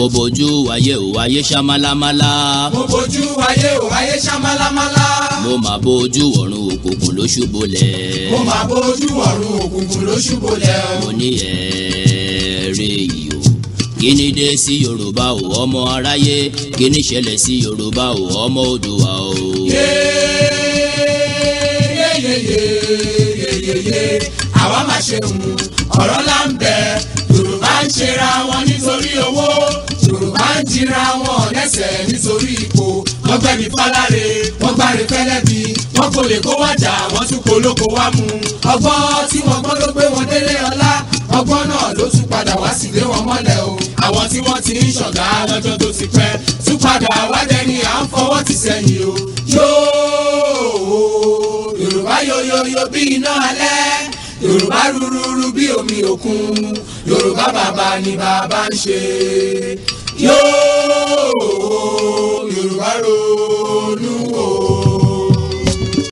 mo bójú wáyé ò wáyé ṣamálámálá.
mo bójú wáyé ò wáyé ṣamálámálá.
mo máa bójú ọ̀run òkùnkùn ló ṣubọlẹ̀. mo máa
bójú ọ̀run òkùnkùn ló ṣubọlẹ̀.
mo ní ẹ̀ẹ́rẹ́ yìí o kíni dé sí Yorùbá o ọmọ aráyé kíni ṣẹlẹ̀ sí Yorùbá o ọmọ Oòduà o.
yeyeyeyeyeyeye àwa máa ṣe ń ọ̀rọ̀ là Yorùbá ń ṣera wọn nítorí owó yorùbá ń jira wọn lẹ́sẹ̀ nítorí
ipò wọ́n gbẹ́bí fáláre wọ́n gbáre fẹ́lẹ́bí wọ́n kò lè kó wájà wọ́n tún
kó lóko wá mu. ọgbọ́n tí wọ́n gbọ́n ló gbé wọn délé ọlá ọgbọ́n náà ló tún padà wá sí lé wọn mọ́lẹ̀ o àwọn tí wọ́n ti ń ṣọ̀gá lọ́jọ́ tó ti pẹ́ tún padà
wájẹ́ ni à ń fọwọ́ ti sẹ́yìn o. yóò yorùbá yoyoyo bí iná alẹ́ yorùbá rúrúrú bí omi òkun yorùbá bàbá ni bàbá ń ṣe yóò Yorùbá ro.